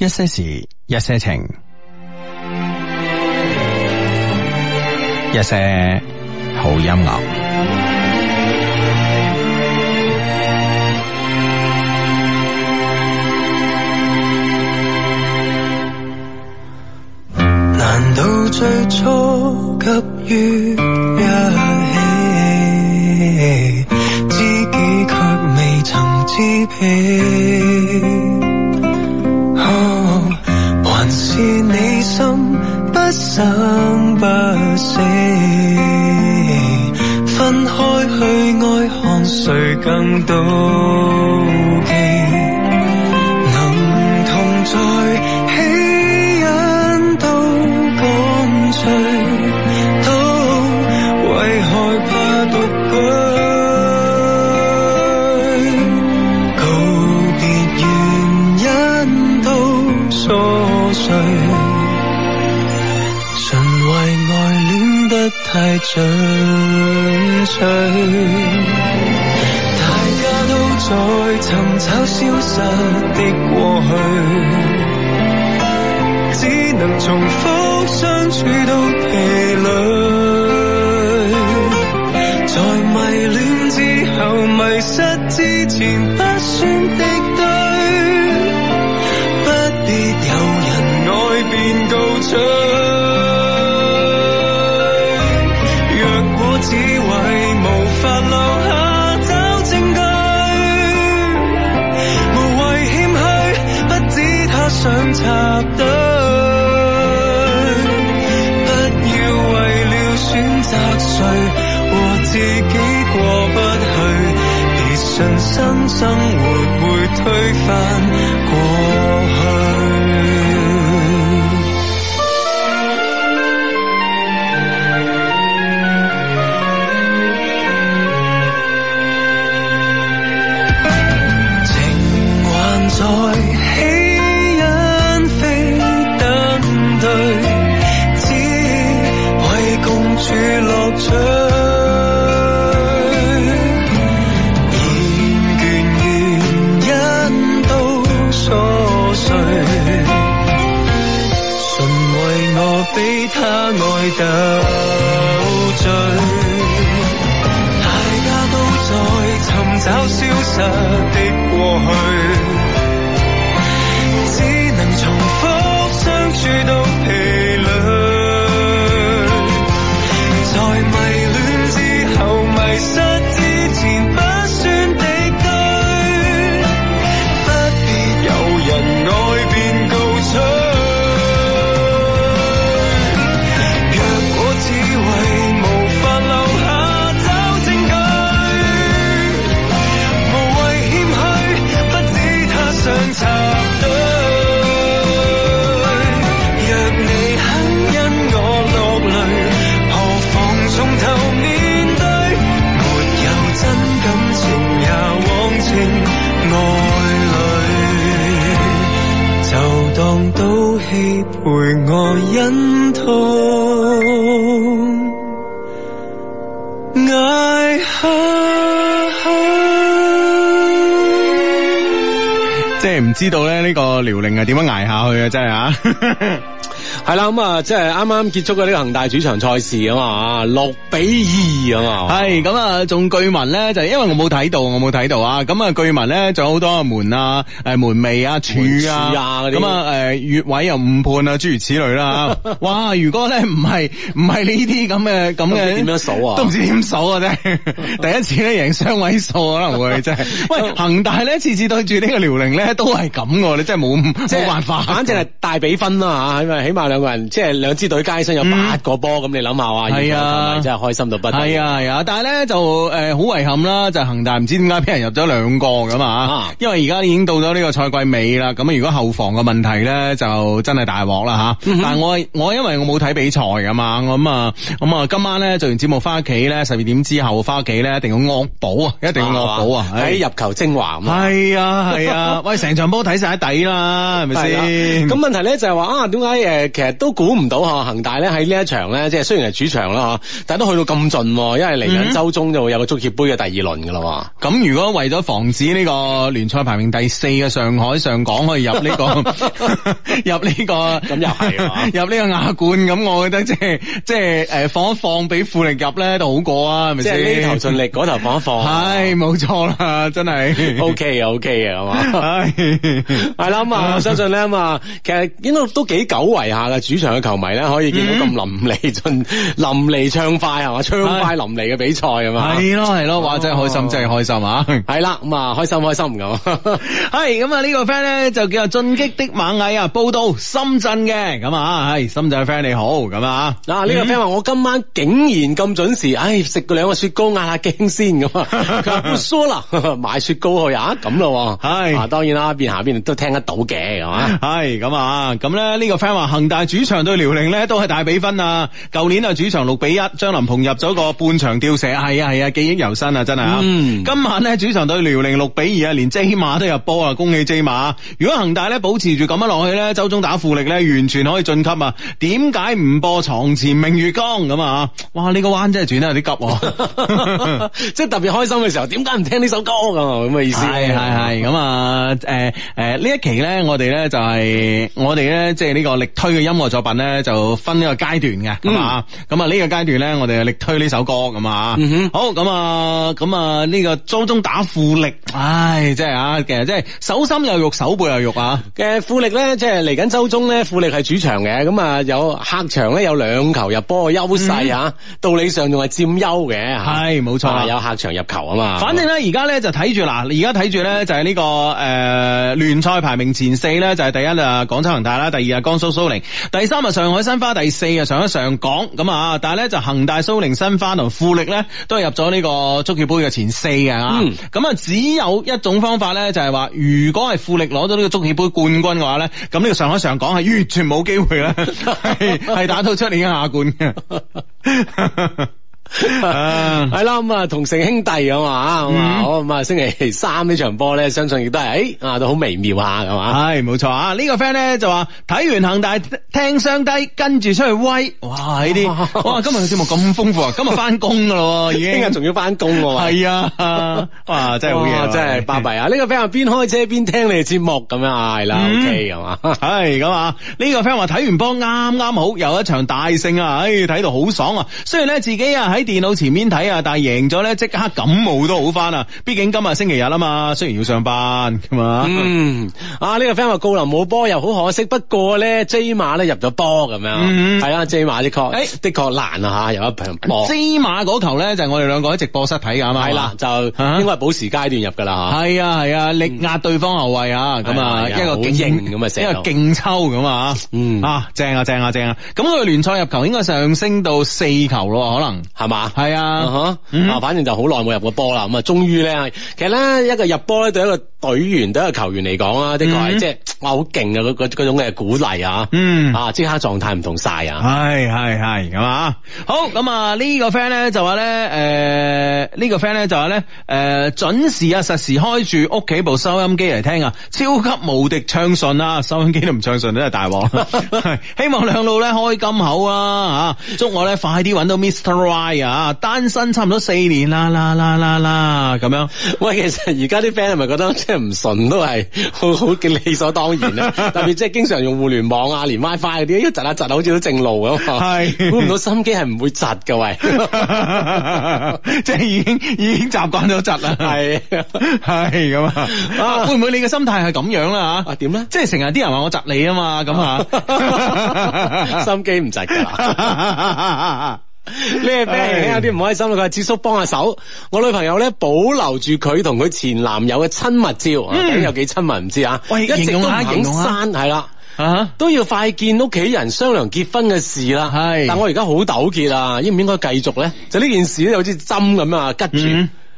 一些事，一些情，一些好音樂。難道最初給予一起，知己卻未曾知彼？是你心不生不死，分開去愛看誰更多。太進取，大家都在尋找消失的過去，只能重複相處到疲累，在迷戀之後迷失之前，不算的。自己過不去，別信新生活會推翻。他愛逗趣，大家都在尋找消失的過去，只能重複相處到。唔知道咧，呢個遼寧係點樣挨下去啊！真係嚇。係啦，咁啊，即係啱啱結束嘅呢個恒大主場賽事啊嘛，六比二啊嘛，係咁啊，仲據聞咧，就因為我冇睇到，我冇睇到啊，咁啊，據聞咧，仲有好多啊門，門，門啊，誒門楣啊，柱啊，咁啊，誒越位又誤判啊，諸如此類啦。 哇，如果咧唔係唔係呢啲咁嘅咁嘅，點樣，樣數啊？都唔知點數啊！真係，第一次咧贏雙位數，可能會即係。 喂，恒大咧次次對住呢個遼寧咧都係咁，你真係冇冇辦法，反正係大比分啦吓，起起碼 即係兩支隊加起身有八個波，咁、嗯、你諗下啊，係啊，真係開心到不得。係啊，但係咧就誒好遺憾啦，就恒、呃就係、大唔知點解俾人入咗兩個咁啊，因為而家已經到咗呢個賽季尾啦。咁啊，如果後防嘅問題咧，就真係大鑊啦吓。嗯、哼但係我我因為我冇睇比賽噶嘛，我咁啊咁啊，今晚咧做完節目翻屋企咧，十二點之後翻屋企咧，一定要惡補啊，一定要惡補啊，喺、啊、入球精華咁啊。係啊係啊，啊 喂，成場波睇晒底啦，係咪先？咁、啊、問題咧就係、係、話啊，點解誒，啊啊啊啊啊都估唔到嗬，恆大咧喺呢一場咧，即係雖然係主場啦嗬，但係都去到咁盡，因為嚟緊周中就會有個足協杯嘅第二輪噶啦。咁如果為咗防止呢個聯賽排名第四嘅上海上港可以入呢個入呢個，咁又係入呢個亞冠咁，我覺得即係即係誒放一放俾富力入咧，都好過啊，係咪即係呢頭盡力，嗰頭放一放。係冇錯啦，真係 OK 嘅，OK 嘅係嘛？係啦，咁啊，我相信咧，咁啊，其實應該都幾久違下嘅。主場嘅球迷咧，可以見到咁淋漓盡、嗯、淋漓暢快係嘛？暢快淋漓嘅比賽啊嘛，係咯係咯，哇真係開心，哦、真係開心啊！係啦， 咁、嗯、啊開心開心咁，係咁啊呢個 friend 咧就叫做進擊的螞蟻啊，報道深圳嘅，咁啊，係深圳嘅 friend 你好，咁啊，嗱、啊，呢、這個 friend 話、嗯、我今晚竟然咁準時，唉、哎、食個兩個雪糕壓下驚先咁啊，唔 sure 啦，買雪糕去啊，咁咯、啊，係い啊當然啦、啊，邊下邊都聽得到嘅係嘛，係咁啊咁咧呢個 friend 話恆大但主場對遼寧呢都係大比分啊！舊年啊主場六比一，張林鵬入咗個半場吊射，係啊係啊，記憶猶新啊，真係啊！嗯、今晚呢，主場對遼寧六比二啊，連 J 馬都入波啊，恭喜 J 馬！如果恒大呢保持住咁樣落去呢，周中打富力呢，完全可以晉級啊！點解唔播床前明月光咁啊？哇！呢個彎真係轉得有啲急，即係特別開心嘅時候，點解唔聽呢首歌咁咁嘅意思？係係係咁啊！誒、哎、誒，呢、哎哎哎、一期呢，我哋呢、就是，就係我哋呢，即係呢個力推嘅。音樂作品咧就分呢個階段嘅，咁啊，咁啊呢個階段咧我哋力推呢首歌咁啊，好咁啊，咁啊呢個周中打富力，唉，即係啊，其實即係手心又肉，手背又肉啊，嘅富力咧即係嚟緊周中咧富力係主場嘅，咁啊有客場咧有兩球入波嘅優勢啊，道理上仲係佔優嘅，係冇錯，係有客場入球啊嘛，反正咧而家咧就睇住嗱，而家睇住咧就係呢個誒聯賽排名前四咧就係第一啊廣州恒大啦，第二啊江蘇蘇寧。第三啊，上海申花；第四啊，上海上港。咁啊，但係咧就恒大、蘇寧、申花同富力咧，都係入咗呢個足協杯嘅前四嘅啊。咁啊、嗯，只有一種方法咧，就係、是、話如果係富力攞咗呢個足協杯冠軍嘅話咧，咁、這、呢個上海上港係完全冇機會啦，係 打到出年嘅亞冠嘅。 係啦，咁啊同城兄弟咁啊，咁啊好咁啊星期三呢場波咧，相信亦都係誒啊都好微妙啊，咁嘛？係冇錯啊！呢個 friend 咧就話睇完恒大聽雙低，跟住出去威，哇呢啲哇今日嘅節目咁豐富啊！今日翻工噶咯，已經聽日仲要翻工喎。係啊，哇真係好嘢，真係巴閉啊！呢個 friend 話邊開車邊聽你哋節目咁樣，係啦，OK 係嘛？係咁啊！呢個 friend 話睇完波啱啱好又一場大勝啊，唉睇到好爽啊！雖然咧自己啊喺。喺電腦前面睇啊，但係贏咗咧，即刻感冒都好翻啊！畢竟今日星期日啊嘛，雖然要上班咁嘛。啊呢個 friend 話高林冇波又好可惜，不過咧，J 馬咧入咗波咁樣，係啊，J 馬的確，的確難啊吓，有一平波。J 馬嗰球咧就係我哋兩個喺直播室睇噶嘛，係啦，就應該係補時階段入噶啦吓。係啊係啊，力壓對方後衛吓，咁啊一個勁咁啊，一個勁抽咁啊啊正啊正啊正啊！咁佢聯賽入球應該上升到四球咯，可能。嘛係啊，吓、嗯、啊，反正就好耐冇入過波啦，咁啊終於咧，其實咧一個入波咧對一個隊員對一個球員嚟講啊，的確係即係哇好勁啊，嗰嗰種嘅鼓勵啊，嗯啊即刻狀態唔同晒啊，係係係咁啊，好咁啊呢個 friend 咧就話咧誒呢個 friend 咧就話咧誒準時啊實時開住屋企部收音機嚟聽啊，超級無敵暢順啊收音機都唔暢順都係大鑊， 希望兩路咧開金口啊吓，祝我咧快啲揾到 Mr. Right。啊，單身差唔多四年啦啦啦啦啦咁樣。喂，其實而家啲 friend 係咪覺得即係唔純都係好好嘅理所當然啊？ 特別即係經常用互聯網啊，連 WiFi 嗰啲，一窒啊窒下好似都正路咁啊！係估唔到心機係唔會窒噶喂，即係 已經已經習慣咗窒啦！係係咁啊？會唔會你嘅心態係咁樣啦吓？點咧？即係成日啲人話我窒你啊嘛咁啊？啊 心機唔窒噶啦。 咩咩？有啲唔開心啦。佢話智叔幫下手，我女朋友咧保留住佢同佢前男友嘅親密照，有幾親密唔知啊？我而家直都唔肯刪，係啦，都要快見屋企人商量結婚嘅事啦。係，但我而家好糾結啊，應唔應該繼續咧？就呢件事咧，好似針咁啊，吉住，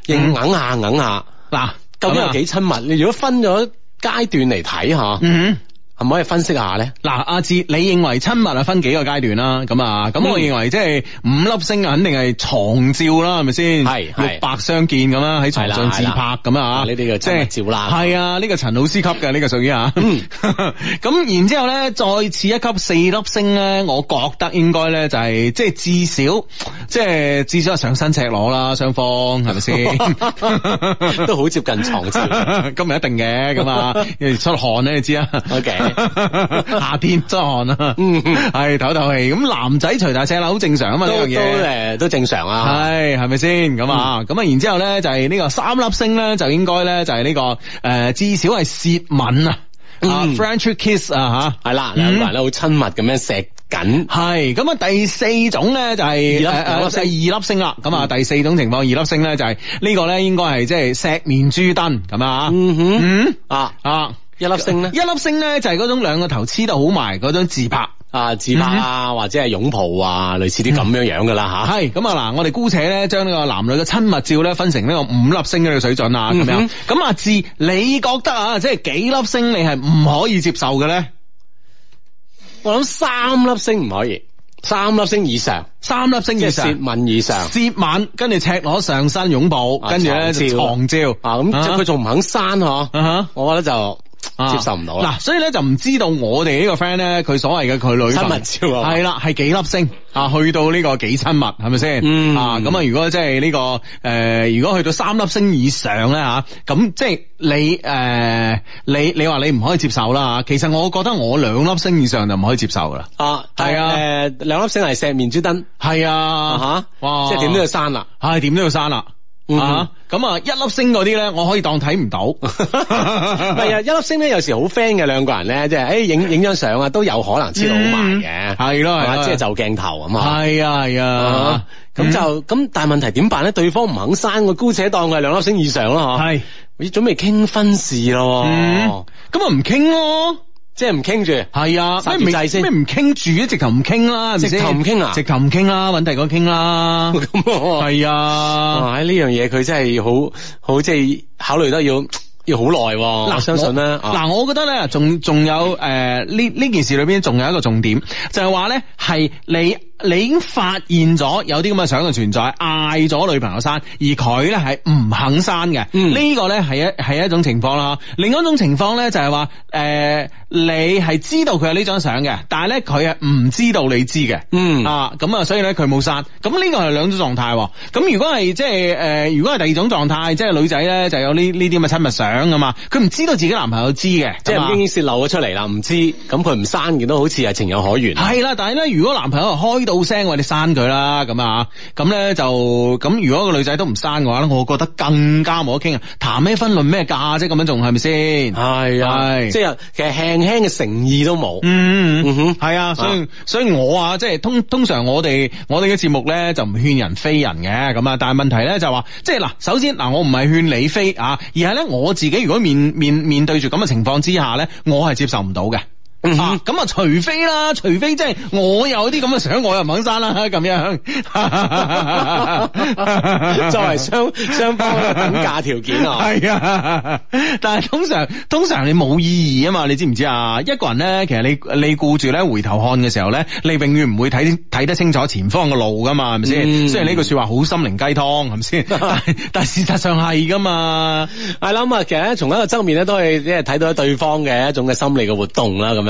硬硬下硬下。嗱，究竟有幾親密？你如果分咗階段嚟睇吓。可唔可以分析下咧？嗱，阿志，你認為親密啊分幾個階段啦？咁啊，咁我認為即係五粒星啊，肯定係床照啦，係咪先？係白相見咁啦，喺床上自拍咁啊？你呢啲嘅即係照啦。係啊，呢個陳老師級嘅呢個屬於啊。咁然之後咧，再次一級四粒星咧，我覺得應該咧就係即係至少即係至少係上身赤裸啦，雙方係咪先？都好接近床照，今日一定嘅咁啊，出汗咧，你知啊。好嘅。夏 天出汗啊， 嗯,嗯，係唞唞氣。咁男仔除大赤佬好正常啊嘛，呢樣嘢都誒都,都正常啊，係係咪先咁啊？咁啊、嗯，然之後咧就係、是、呢、這個三粒星咧，就應該咧就係呢、這個誒、呃、至少係舌吻啊，French 啊 i kiss 啊吓，係、啊、啦，咁樣咧好親密咁樣錫緊。係咁啊，第四種咧就係誒誒二粒星啦。咁啊，第四種情況二粒星咧就係、是、呢、這個咧應該係即係錫面珠墩咁啊。嗯哼，啊啊。啊一粒星咧，一粒星咧就係嗰種兩個頭黐得好埋嗰種自拍啊，自拍啊，或者係擁抱啊，類似啲咁樣樣噶啦吓。係咁啊嗱，我哋姑且咧將呢個男女嘅親密照咧分成呢個五粒星嘅水準啊，咁樣咁啊，志你覺得啊，即係幾粒星你係唔可以接受嘅咧？我諗三粒星唔可以，三粒星以上，三粒星以上，接吻以上，接吻跟住赤裸上身擁抱，跟住咧就床照啊，咁佢仲唔肯刪嗬？我覺得就。接受唔到啦，嗱、啊啊，所以咧就唔知道我哋呢個 friend 咧，佢所謂嘅佢女親密照係啦，係、啊、幾粒星啊？去到呢個幾親密係咪先？啊，咁、嗯、啊，如果即係呢、這個誒、呃，如果去到三粒星以上咧吓，咁、啊、即係你誒、呃，你你話你唔可以接受啦，其實我覺得我兩粒星以上就唔可以接受噶啦。啊，係誒，兩粒星係石面之燈，係啊，吓哇、呃，即係點都要刪啦，係點、啊、都要刪啦。啊咁，啊一粒星嗰啲咧，我可以當睇唔到。係啊，一粒星咧有時好 friend 嘅兩個人咧，即係誒影影張相啊，都有可能知道埋嘅。係咯係，即係就鏡頭咁啊。係啊係啊，咁、嗯、就咁，但係問題點辦咧？對方唔肯刪，我姑且當佢係兩粒星以上咯，嗬的。係，準備傾婚事咯。嗯，咁啊唔傾咯。即係唔傾住，係啊，使唔使？先咩唔傾住？一直頭唔傾啦，唔直頭唔傾啊，直頭唔傾啦，搵第二個傾啦，咁係 我啊，呢樣嘢佢真係好，好即係考慮得要要好耐，啊。啦我，我相信呢啦。嗱，我覺得咧，仲仲有誒，呢、呃、呢件事裏邊仲有一個重點，就係話咧，係你。你已經發現咗有啲咁嘅相嘅存在，嗌咗女朋友刪，而佢咧係唔肯刪嘅。呢、嗯、個咧係一係一種情況啦。另外一種情況咧就係、是、話，誒、呃、你係知道佢有呢張相嘅，但係咧佢係唔知道你知嘅。嗯，啊咁啊，所以咧佢冇刪。咁呢、這個係兩種狀態。咁如果係即係誒，如果係、呃、第二種狀態，即係女仔咧就有呢呢啲咁嘅親密相啊嘛，佢唔知道自己男朋友知嘅，吧即係已經泄露咗出嚟啦，唔知咁佢唔刪，亦都好似係情有可原。係啦，但係咧，如果男朋友開到聲我哋刪佢啦，咁啊，咁咧就咁。如果個女仔都唔刪嘅話咧，我覺得更加冇得傾啊！談咩婚論咩價值，咁樣仲係咪先？係係、啊，即係其實輕輕嘅誠意都冇。嗯嗯係哼啊所。所以所以我啊，即係通通常我哋我哋嘅節目咧就唔勸人飛人嘅咁啊。但係問題咧就話、是，即係嗱，首先嗱，我唔係勸你飛啊，而係咧我自己如果面面面，面對住咁嘅情況之下咧，我係接受唔到嘅。咁、嗯、啊，除非啦，除非即係我有啲咁嘅相，我又唔肯刪啦，咁樣， 作為雙雙方嘅等價條件啊，係 啊，但係通常通常你冇意義啊嘛，你知唔知啊？一個人咧，其實你你顧住咧回頭看嘅時候咧，你永遠唔會睇睇得清楚前方嘅路噶嘛，係咪先？雖然呢句說話好心靈雞湯，係咪先？但係事實上係噶嘛，係啦， 嗯，其實從一個側面咧都係即係睇到對方嘅一種嘅心理嘅活動啦，咁樣。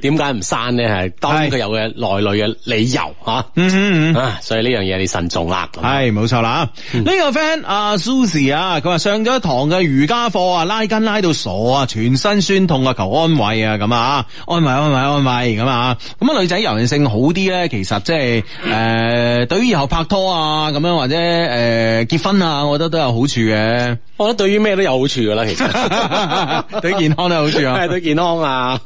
點解唔刪咧？係當然佢有嘅內裏嘅理由吓，嗯嗯嗯，所以呢樣嘢你慎重啦。係冇錯啦，呢個 friend 阿 Susie 啊，佢話上咗一堂嘅瑜伽課啊，拉筋拉到傻啊，全身酸痛啊，求安慰啊，咁啊，安慰安慰安慰咁啊，咁啊，女仔柔韌性好啲咧，其實即係誒，對於以後拍拖啊，咁樣或者誒結婚啊，我覺得都有好處嘅。我覺得對於咩都有好處㗎啦，其實對健康都有好處啊，係對健康啊。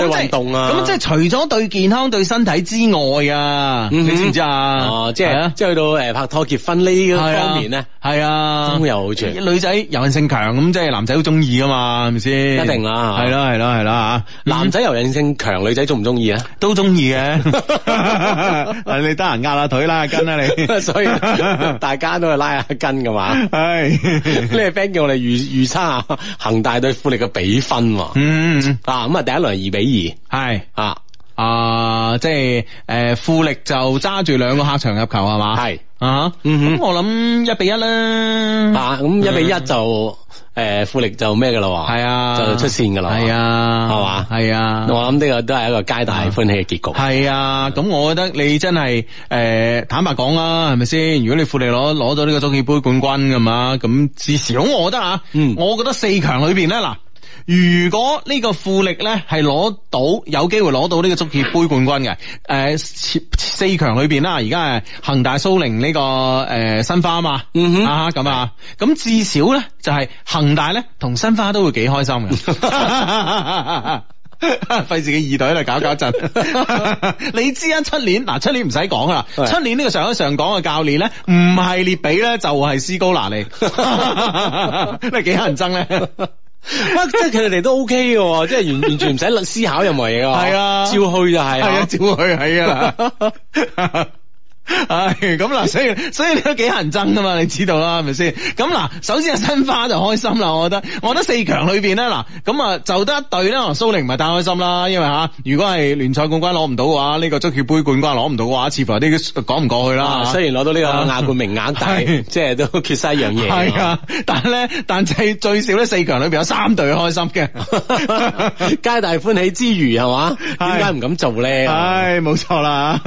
運動啊，咁即係除咗對健康、對身體之外啊，你知唔知啊？即係，即係去到誒拍拖、結婚呢啲方面咧，係啊，都有好處。女仔柔韌性強，咁即係男仔都中意噶嘛，係咪先？一定啦，係啦，係啦，係啦吓。男仔柔韌性強，女仔中唔中意啊？都中意嘅。啊，你得閒壓下腿啦，跟下你，所以大家都係拉下筋噶嘛。唉，呢個 friend 叫我哋預預測恆大對富力嘅比分。嗯啊，咁啊，第一輪二比。比爾係啊啊，呃、即係誒、呃，富力就揸住兩個客場入球係嘛，係是啊，咁、嗯、哼我諗一比一啦，啊，咁一比一就誒、嗯呃，富力就咩噶啦，係啊，就出線噶啦，係啊，係嘛吧，係啊，我諗呢個都係一個皆大歡喜嘅結局，係啊，咁我覺得你真係誒、呃，坦白講啦，係咪先？如果你富力攞攞咗呢個足協盃冠軍噶嘛，咁至少我覺得啊，嗯我，我覺得四強裏邊咧嗱。如果呢個富力咧係攞，到有機會攞到呢個足協杯冠軍嘅，誒、呃，四強裏邊啦，而家係恒大蘇寧呢個誒、呃、申花啊嘛，嗯哼，啊咁啊，咁至少咧就係、是、恒大咧同申花都會幾開心嘅，費事嘅二隊嚟搞搞震。 你知啊，七年嗱七 年唔使講啦，七年呢個上一上港嘅教練咧，唔係列比咧就係斯高拿利，咪幾乞人憎咧。 哇、 啊！即係佢哋都 O K 嘅，即係完完全唔使思考任何嘢嘅，係 啊，照去就係、係，係啊，照去係啊。 係咁嗱，所以所以你都幾乞人憎噶嘛，你知道啦，係咪先？咁、啊、嗱，首先係申花就開心啦，我覺得，我覺得四強裏邊咧，嗱咁啊，就得一隊啦。蘇寧唔係太開心啦，因為吓、啊，如果係聯賽冠軍攞唔到嘅話，呢、這個足協杯冠軍攞唔到嘅話，似乎啲講唔過去啦。雖、啊、然攞到呢個亞冠名額， 但係即係都缺失一樣嘢。係啊，但係咧，但係最少咧，四強裏邊有三隊開心嘅， 皆大歡喜之餘係嘛？點解唔敢做咧？ 唉，冇錯啦。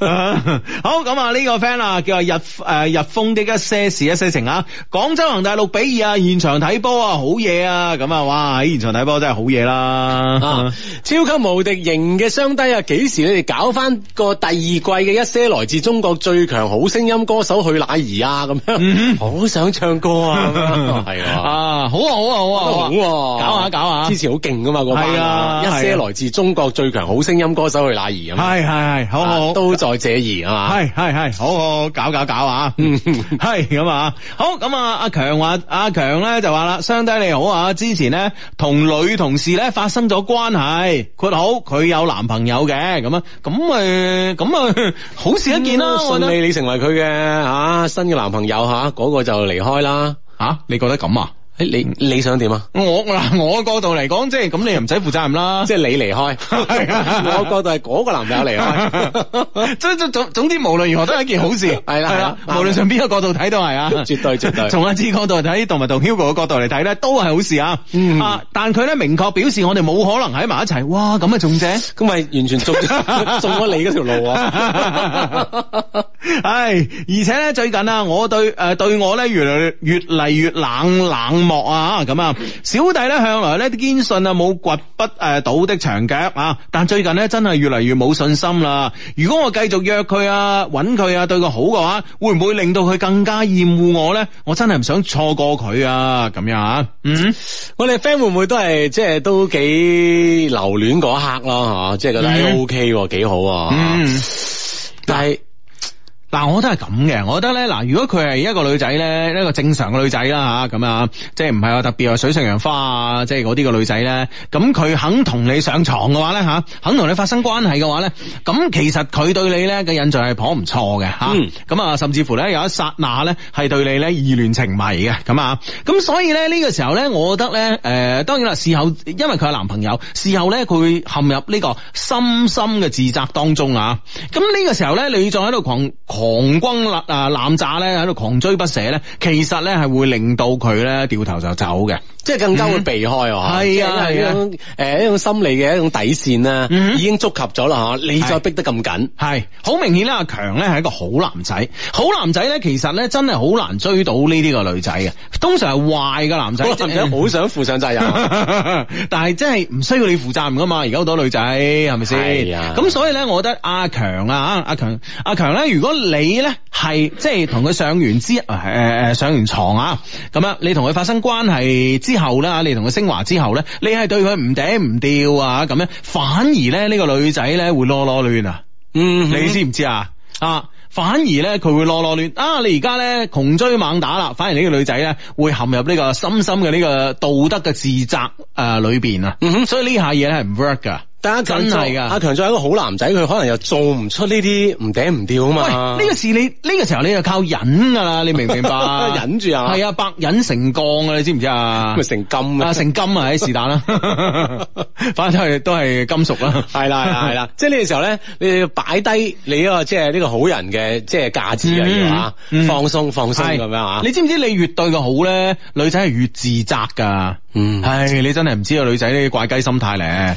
哈哈 好咁啊！呢個 friend 啊，叫阿日誒日風啲一些事一些情啊！廣州恒大六比二啊！現場睇波啊，好嘢啊！咁啊，哇！喺現場睇波真係好嘢啦！超級無敵型嘅雙低啊！幾時你哋搞翻個第二季嘅一些來自中國最強好聲音歌手去哪兒啊？咁樣好想唱歌啊！係啊！好啊！好啊！好啊！好啊！搞下搞下，之前好勁噶嘛個班，一些來自中國最強好聲音歌手去哪兒咁啊！係係係，好，好，都在這兒啊！係係係，好好搞搞搞啊！嗯，係咁啊，好咁啊，阿強話阿強咧就話啦，兄弟你好啊，之前咧同女同事咧發生咗關係，括號，佢有男朋友嘅，咁啊，咁啊，咁啊，好事一件啦，順了呢利你成為佢嘅吓新嘅男朋友吓，嗰、啊那個就離開啦，吓、啊，你覺得咁啊？你你想點啊？我嗱，我角度嚟講，即係咁，你唔使負責任啦。即係你離開， 我角度係嗰個男友離開， 總總,總之，無論如何都係一件好事。係啦，係啦，無論從邊個角度睇都係啊， 絕對絕對。從阿知角度睇，動物同 Hugo 嘅角度嚟睇咧，都係好事、嗯、啊。嗯，但佢咧明確表示，我哋冇可能喺埋一齊。哇，咁啊，仲正？咁咪完全中中咗你嗰條路啊！ 唉、哎，而且咧最近啊，我對誒、呃、對我咧越嚟越嚟越冷冷漠啊咁啊，小弟咧向來咧都堅信啊冇掘不誒、呃、倒的牆腳啊，但最近咧真係越嚟越冇信心啦、啊。如果我繼續約佢啊，搵佢啊，對佢好嘅話，會唔會令到佢更加厭惡我咧？我真係唔想錯過佢啊！咁樣啊，嗯，嗯我哋 friend 會唔會都係即係都幾留戀嗰一刻咯？嗬，即係覺得 OK 幾好，嗯，啊、嗯但係。但我都係咁嘅，我覺得咧，嗱，如果佢係一個女仔咧，一個正常嘅女仔啦，吓咁啊，即係唔係話特別係水性楊花啊，即係嗰啲嘅女仔咧，咁、啊、佢肯同你上床嘅話咧，吓、啊，肯同你發生關係嘅話咧，咁、啊、其實佢對你咧嘅印象係頗唔錯嘅，吓、啊，咁、嗯、啊，甚至乎咧有一剎那咧係對你咧意亂情迷嘅，咁啊，咁、啊、所以咧呢、這個時候咧，我覺得咧，誒、呃，當然啦，事後因為佢有男朋友，事後咧佢會陷入呢個深深嘅自責當中啊，咁呢個時候咧，你仲喺度狂狂轟啊，濫炸咧，喺度狂追不捨咧，其實咧係會令到佢咧掉頭就走嘅。即係更加會避開嚇，係啊係啊，誒一種的心理嘅一種底線啊，嗯、已經觸及咗啦嚇，你再逼得咁緊，係好明顯啦。阿強咧係一個好男仔，好男仔咧其實咧真係好難追到呢啲個女仔嘅，通常係壞嘅男仔。我好想負上責任， 但係真係唔需要你負責任噶嘛。而家好多女仔係咪先？咁的所以咧，我覺得阿強啊，阿強阿強咧，如果你咧係即係同佢上完之誒誒上完床啊，咁樣你同佢發生關係之之後啦，你同佢升華之後咧，你係對佢唔嗲唔吊啊咁樣，反而咧呢個女仔咧會囉囉亂啊，嗯哼，你知唔知啊？啊，反而咧佢會囉囉亂啊！你而家咧窮追猛打啦，反而呢個女仔咧會陷入呢個深深嘅呢個道德嘅自責誒裏邊啊，嗯、哼所以呢下嘢係唔 work 噶。第一，真係噶阿強，作為一個好男仔，佢可能又做唔出呢啲唔頂唔掉啊嘛。喂，呢個事你呢個時候你就靠忍噶啦，你明唔明白？忍住啊，係啊，百忍成鋼啊，你知唔知啊？咪成金啊，成金啊，喺是但啦。反正都係金屬啦，係啦係啦係啦。即係呢個時候咧，你要擺低你個即係呢個好人嘅即係價值啊，要啊，放鬆放鬆咁樣啊。你知唔知你越對佢好咧，女仔係越自責噶。嗯，唉，你真係唔知個女仔呢啲怪雞心態咧，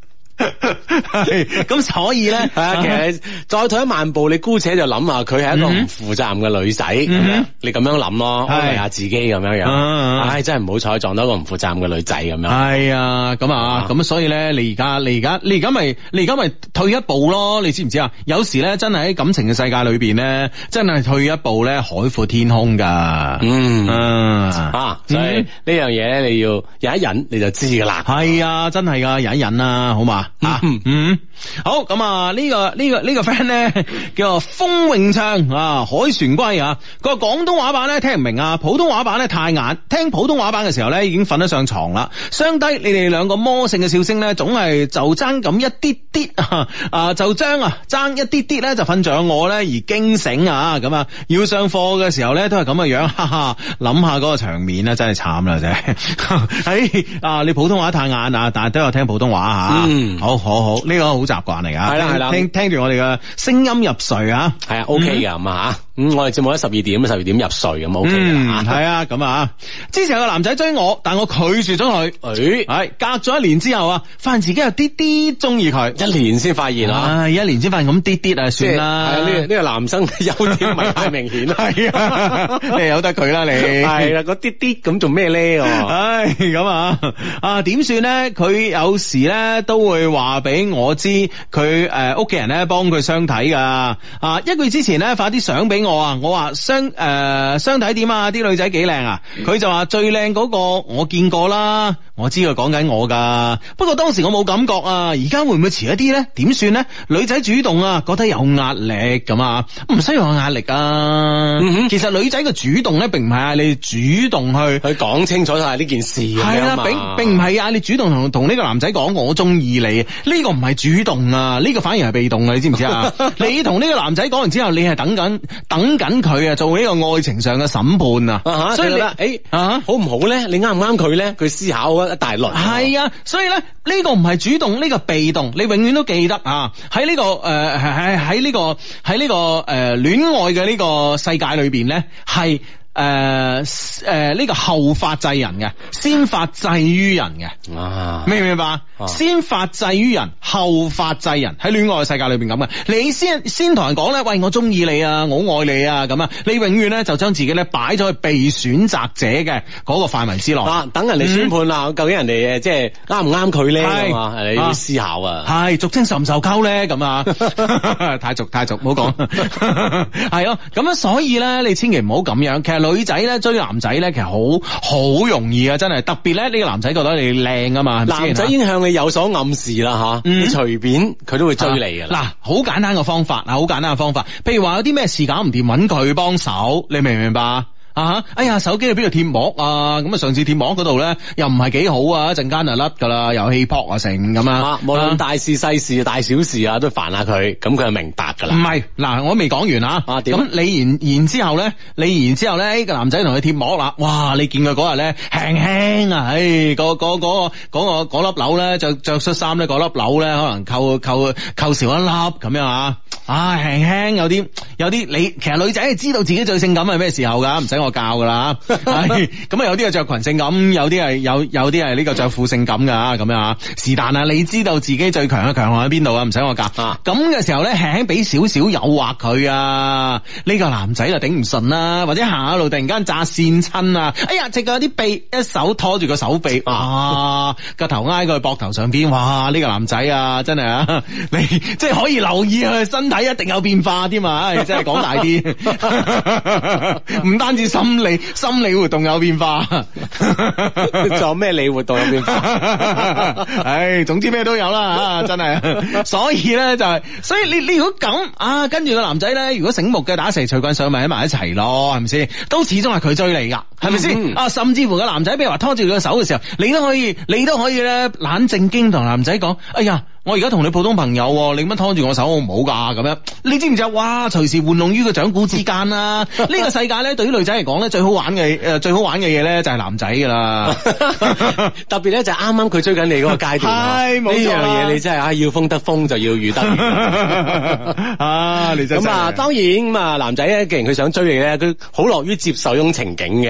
咁 所以咧，係啊，其實再退一萬步，你姑且就諗下，佢係一個唔負責任嘅女仔，你咁樣諗咯，安慰下自己咁樣樣。唉、啊啊啊啊哎，真係唔好彩撞到一個唔負責任嘅女仔咁樣。係啊，咁啊，咁所以咧，你而家，你而家，你而家咪，你而家咪退一步咯。你知唔知啊？有時咧，真係喺感情嘅世界裏邊咧，真係退一步咧，海闊天空噶。嗯啊，所以、就是、呢樣嘢你要忍一忍，你就知噶啦。係啊，真係噶，忍一忍啦、啊，好嘛？ 啊 嗯，好咁啊，這個這個這個、呢個呢個呢個 friend 咧，叫做風詠唱啊，海旋龜啊，個廣東話版咧聽唔明啊，普通話版咧太晏，聽普通話版嘅時候咧已經瞓得上床啦。相低，你哋兩個魔性嘅笑聲咧，總係就爭咁一啲啲啊，啊，啊就將啊爭一啲啲咧就瞓着我咧而驚醒啊，咁啊要上課嘅時候咧都係咁嘅樣，哈哈諗下嗰個場面啊真係慘啦，啫，係、哎，啊你普通話太晏啊，但係都有聽普通話吓、啊嗯，好好。好呢個好習慣嚟噶，係啦係啦，聽聽住我哋嘅聲音入睡啊，係啊，OK 噶咁吓，咁我哋節目喺十二點，十二點入睡咁啊 OK 啊，係啊，咁啊，之前有個男仔追我，但我拒絕咗佢，誒，係隔咗一年之後啊，發現自己有啲啲中意佢，一年先發現啊，一年先發現咁啲啲啊，算啦，呢呢個男生有啲唔係太明顯啊，係啊，你由得佢啦你，係啦，個啲啲咁做咩咧？唉，咁啊啊，點算咧？佢有時咧都會話俾我。我知佢誒屋企人咧幫佢相睇噶，啊一個月之前咧發啲相俾我，我、呃、啊我話，相誒相睇點啊，啲女仔幾靚啊，佢就話，最靚個我見過啦，我知佢講緊我噶，不過當時我冇感覺啊，而家會唔會遲一啲咧，點算咧？女仔主動啊，覺得有壓力咁啊，唔需要有壓力啊、嗯、哼其實女仔嘅主動咧並唔係啊，你主動去去講清楚晒呢件事係啊嘛並並唔係啊，你主動同同呢個男仔講，我中意你，呢個唔係。主動啊，呢個反而係被動啊，你知唔知啊？ 你同呢個男仔講完之後，你係等緊等緊佢啊，做呢個愛情上嘅審判啊。所以咧，誒，吓好唔好咧？你啱唔啱佢咧？佢思考一大輪。係啊，所以咧呢個唔係主動，呢個被動。你永遠都記得啊！喺呢個誒喺喺呢個喺呢個誒戀愛嘅呢個世界裏邊咧，係誒誒呢個後發制人嘅，先發制於人嘅。明唔明白？先發制於人。後發制人喺戀愛世界裏邊咁啊。你先先同人講咧，喂，我中意你啊，我愛你啊，咁啊，你永遠咧就將自己咧擺咗去被選擇者嘅嗰個範圍之內，啊，等人哋宣判啦，嗯、究竟人哋誒即係啱唔啱佢咧，係嘛，係要思考啊，係，俗稱受唔受溝咧咁啊，太俗太俗，唔好講，係 啊。咁樣所以咧，你千祈唔好咁樣。其實女仔咧追男仔咧，其實好好容易啊，真係特別咧呢個男仔覺得你靚啊嘛，是是男仔已經向你有所暗示啦吓，啊嗯你隨便佢都會追你噶啦，嗱，啊，好簡單嘅方法啊，好簡單嘅方法，譬如話有啲咩事搞唔掂，揾佢幫手，你明唔明白？啊、uh huh. 哎呀，手機喺邊度貼膜啊？咁啊，上次貼膜嗰度咧，又唔係幾好啊，一陣間就甩噶啦，有氣泡啊成咁啊。無論大事細、uh, 事、大小事啊，都煩下佢，咁佢就明白噶啦。唔係嗱，我未講完啊。咁、啊、你然然之後咧，你然之後咧，呢個男仔同佢貼膜啦。哇，你見佢嗰日咧，輕輕啊，唉、哎，嗰、嗰個、嗰個粒紐咧，着着恤衫咧，嗰粒紐咧，可能扣扣扣少一粒咁樣啊。啊，輕輕有啲有啲，你其實女仔知道自己最性感係咩時候噶，唔使我教噶啦，咁啊、 哎，有啲係着裙性感，有啲係有有啲係呢個着褲性感噶，咁樣啊，是但啊，你知道自己最強嘅強項喺邊度啊？唔使我教，咁嘅時候咧，輕輕俾少少誘惑佢啊，呢、這個男仔就頂唔順啦，或者行下路突然間炸線親啊，哎呀，只個啲臂一手拖住個手臂，個頭挨佢膊頭上邊，哇，呢、這個男仔啊，真係啊，你即係可以留意佢身體一定有變化添啊，即係講大啲，唔 單止。心理心理活動有變化，仲 有咩理活動有變化？唉、 哎，總之咩都有啦，吓，真係。 所以咧就係、是，所以你你如果咁啊，跟住個男仔咧，如果醒目嘅打蛇隨棍上，咪喺埋一齊咯，係咪先？都始終係佢追你噶，係咪先？嗯嗯啊，甚至乎個男仔譬如話拖住佢嘅手嘅時候，你都可以，你都可以咧，冷靜經同男仔講，哎呀。我而家同你普通朋友，你乜拖住我手唔好噶，咁樣？你知唔知啊？哇，隨時玩弄於個掌股之間啦！呢、這個世界咧，對於女仔嚟講咧，最好玩嘅，誒，最好玩嘅嘢咧就係男仔噶 啦，特別咧就啱啱佢追緊你嗰個階段，呢樣嘢你真係啊，要風得風就要雨得雨啊！咁啊，當然咁啊，男仔咧，既然佢想追你咧，佢好樂於接受呢種情景嘅，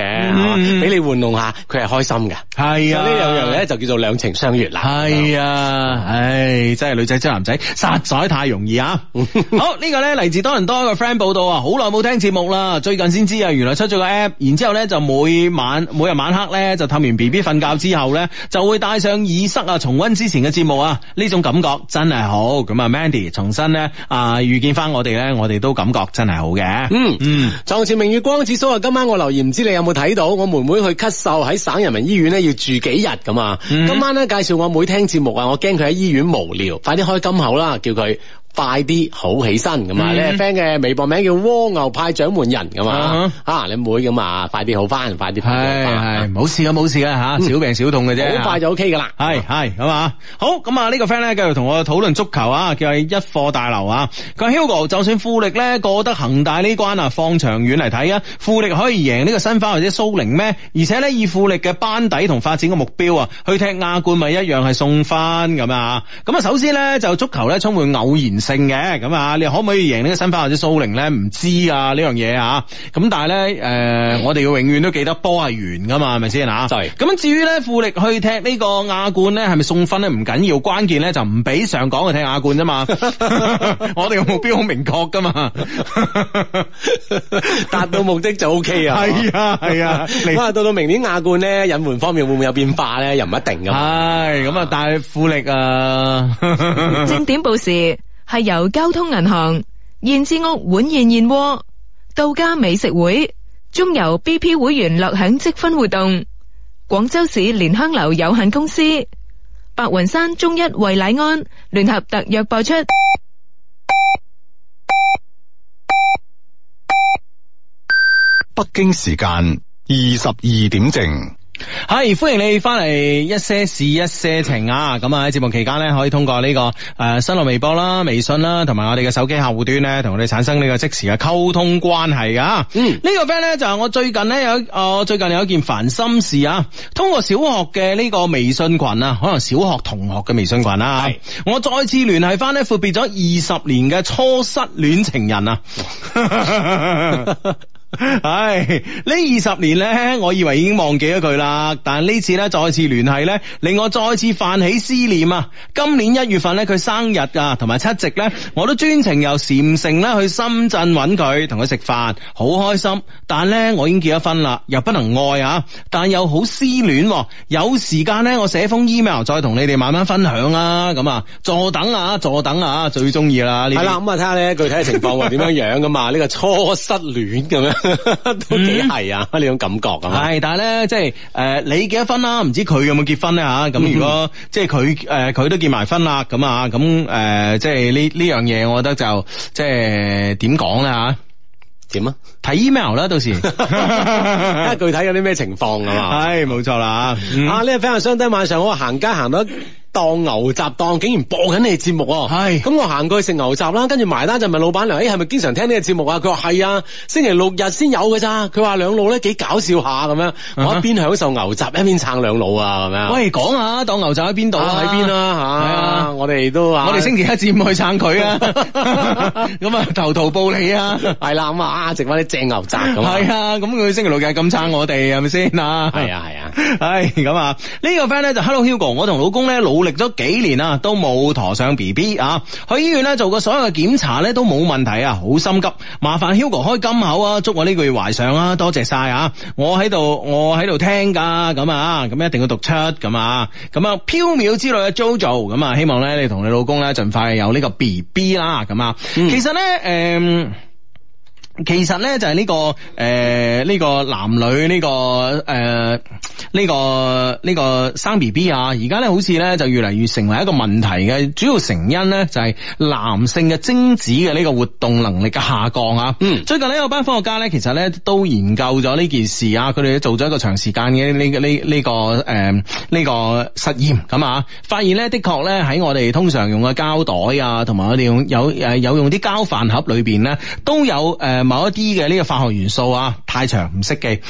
俾、嗯、你玩弄下，佢係開心嘅。係啊，呢兩樣咧就叫做兩情相悦啦。係啊，唉、啊。 真係女仔追男仔，實在太容易啊！ 好呢、這個呢，嚟自多倫多個 friend 報道啊，好耐冇聽節目啦，最近先知啊，原來出咗個 app，然之後呢，就每晚每日晚黑呢，就探完 B B 瞓覺之後呢，就會戴上耳塞啊，重溫之前嘅節目啊，呢種感覺真係好。咁啊，Mandy 重新呢，啊、呃、遇見返我哋呢，我哋都感覺真係好嘅。嗯嗯，床前明月光紫蘇啊，今晚我留言唔知你有冇睇到？我妹妹去咳嗽喺省人民醫院呢，要住幾日咁啊。嗯、今晚呢，介紹我妹，妹聽節目啊，我驚佢喺醫院無。快啲開金口啦，叫佢。快啲好起身咁啊！呢個 friend 嘅微博名叫蝸牛派掌門人咁啊！嘛嗯、啊，你妹咁啊！快啲好翻，快啲係係，冇、嗯、事嘅，冇事嘅吓，小病小痛嘅啫，好、嗯、快就 OK 噶啦！係係，咁啊，嗯、好咁啊！呢個 friend 咧繼續同我討論足球啊，叫係一課大樓啊。佢 Hugo 就算富力咧過得恒大呢關啊，放長遠嚟睇啊，富力可以贏呢個申花或者蘇寧咩？而且咧以富力嘅班底同發展嘅目標啊，去踢亞冠咪一樣係送翻咁啊？咁啊，首先咧就足球咧充滿偶然。性嘅咁啊，你可唔可以贏呢個申花或者蘇寧咧？唔知啊呢樣嘢啊，咁、啊、但係咧，誒、呃，嗯、我哋要永遠都記得波係圓噶嘛，係咪先啊？係咁對、嗯、至於咧富力去踢個亞呢個亞冠咧，係咪送分咧？唔緊要，關鍵咧就唔俾上港去踢亞冠啫嘛。 我哋目標好明確噶嘛，達 到目的就 O K 啊。係啊係啊，到到明年亞冠咧，引援方面會唔會有變化咧？又唔一定噶。係咁啊，但係富力啊 正點報時。係由交通銀行、燕之屋碗燕燕窩、到家美食會、中油 BP 會員樂享積分活動、廣州市蓮香樓有限公司、白雲山中一惠禮安聯合特約播出。北京時間二十二點正。係歡迎你翻嚟一些事一些情、嗯、啊！咁啊喺節目期間呢，可以通過呢、這個誒、呃、新浪微博啦、微信啦，同埋我哋嘅手機客戶端呢，同我哋產生呢個即時嘅溝通關係噶、啊。嗯，呢個 friend 呢，就係、是、我最近咧有我、哦、最近有一件煩心事啊，通過小學嘅呢個微信群啊，可能小學同學嘅微信群啊。是我再次聯繫翻呢，闊別咗二十年嘅初失戀情人啊！ 唉，呢二十年呢，我以為已經忘記咗佢啦。但呢次呢，再次聯繫呢，令我再次泛起思念啊！今年一月份呢，佢生日啊，同埋七夕呢，我都專程由禪城呢去深圳揾佢，同佢食飯，好開心。但呢，我已經結咗婚啦，又不能愛啊，但又好思戀，啊。有時間呢，我寫封 email 再同你哋慢慢分享啊。咁啊，坐等啊，坐等啊，最中意啦。係、嗯、啦，咁啊，睇下呢具體情況係點樣樣噶嘛？呢個 初失戀咁樣。 都幾係啊，呢種感覺啊，係但係咧，即係誒、呃，你結咗婚啦，唔知佢有冇結婚咧吓？咁如果 即係佢誒，佢、呃、都結埋婚啦，咁啊咁誒，即係呢呢樣嘢，我覺得就即係點講咧吓？點啊？睇 email 啦，到時睇下 具體有啲咩情況啊嘛。係， 冇錯啦、嗯、啊！呢個 friend 啊，相對晚上我行街，行，街行到。 當牛雜檔竟然播緊你哋節目哦，係咁我行過去食牛雜啦，跟住埋單就問老闆娘，咦係咪經常聽呢個節目啊？佢話係啊，星期六日先有嘅咋，佢話兩老咧幾搞笑下咁樣，我一邊享受牛雜一邊撐兩老啊，咁樣喂，講下，當牛雜喺邊度啊？喺邊啊？吓，我哋都啊，我哋星期一至五去撐佢啊，咁啊投桃報你啊，係啦咁啊，剩翻啲正牛雜咁，係啊，咁佢星期六日咁撐我哋係咪先啊？係啊係啊，唉咁啊，呢個 friend 咧就 Hello Hugo，我同老公咧老。努力咗幾年啊，都冇陀上 B B 啊！去醫院咧做過所有嘅檢查咧都冇問題啊，好心急，麻煩 Hugo 開金口啊，祝我呢個月懷上啊！多謝晒啊！我喺度我喺度聽噶，咁啊，咁一定要讀出咁啊，咁啊縹緲之類嘅 Jojo 咁啊，希望咧你同你老公咧盡快有呢個 B B 啦，咁啊，其實咧誒。嗯嗯其實咧就係呢個誒呢個男女呢個誒呢個呢個生 B B 啊，而家咧好似咧就越嚟越成為一個問題嘅主要成因咧就係男性嘅精子嘅呢個活動能力嘅下降啊。嗯，最近呢有班科學家咧其實咧都研究咗呢件事啊，佢哋做咗一個長時間嘅呢個呢呢個誒呢個呃呢個實驗咁啊，發現咧的確咧喺我哋通常用嘅膠袋啊，同埋我哋用有誒有，有用啲膠飯盒裏邊咧都有誒。呃某一啲嘅呢個化學元素啊，太長唔識記，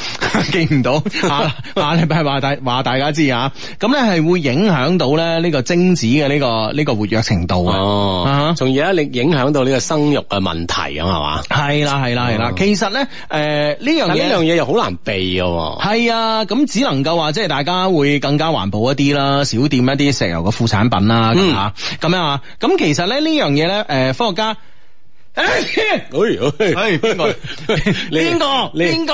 記唔到啊！下禮拜話大話大家知啊，咁咧係會影響到咧呢個精子嘅呢、呢個呢、呢個活躍程度、哦、啊，吓，從而咧你影響到呢個生育嘅問題啊嘛，係啦係啦係啦，其實咧誒呢樣呢樣嘢又好難避嘅，係啊，咁只能夠話即係大家會更加環保一啲啦，少掂一啲石油嘅副產品啦，吓咁、嗯、樣啊，咁其實咧呢樣嘢咧誒科學家。誒，好、哎，好，係邊個？邊個你？邊個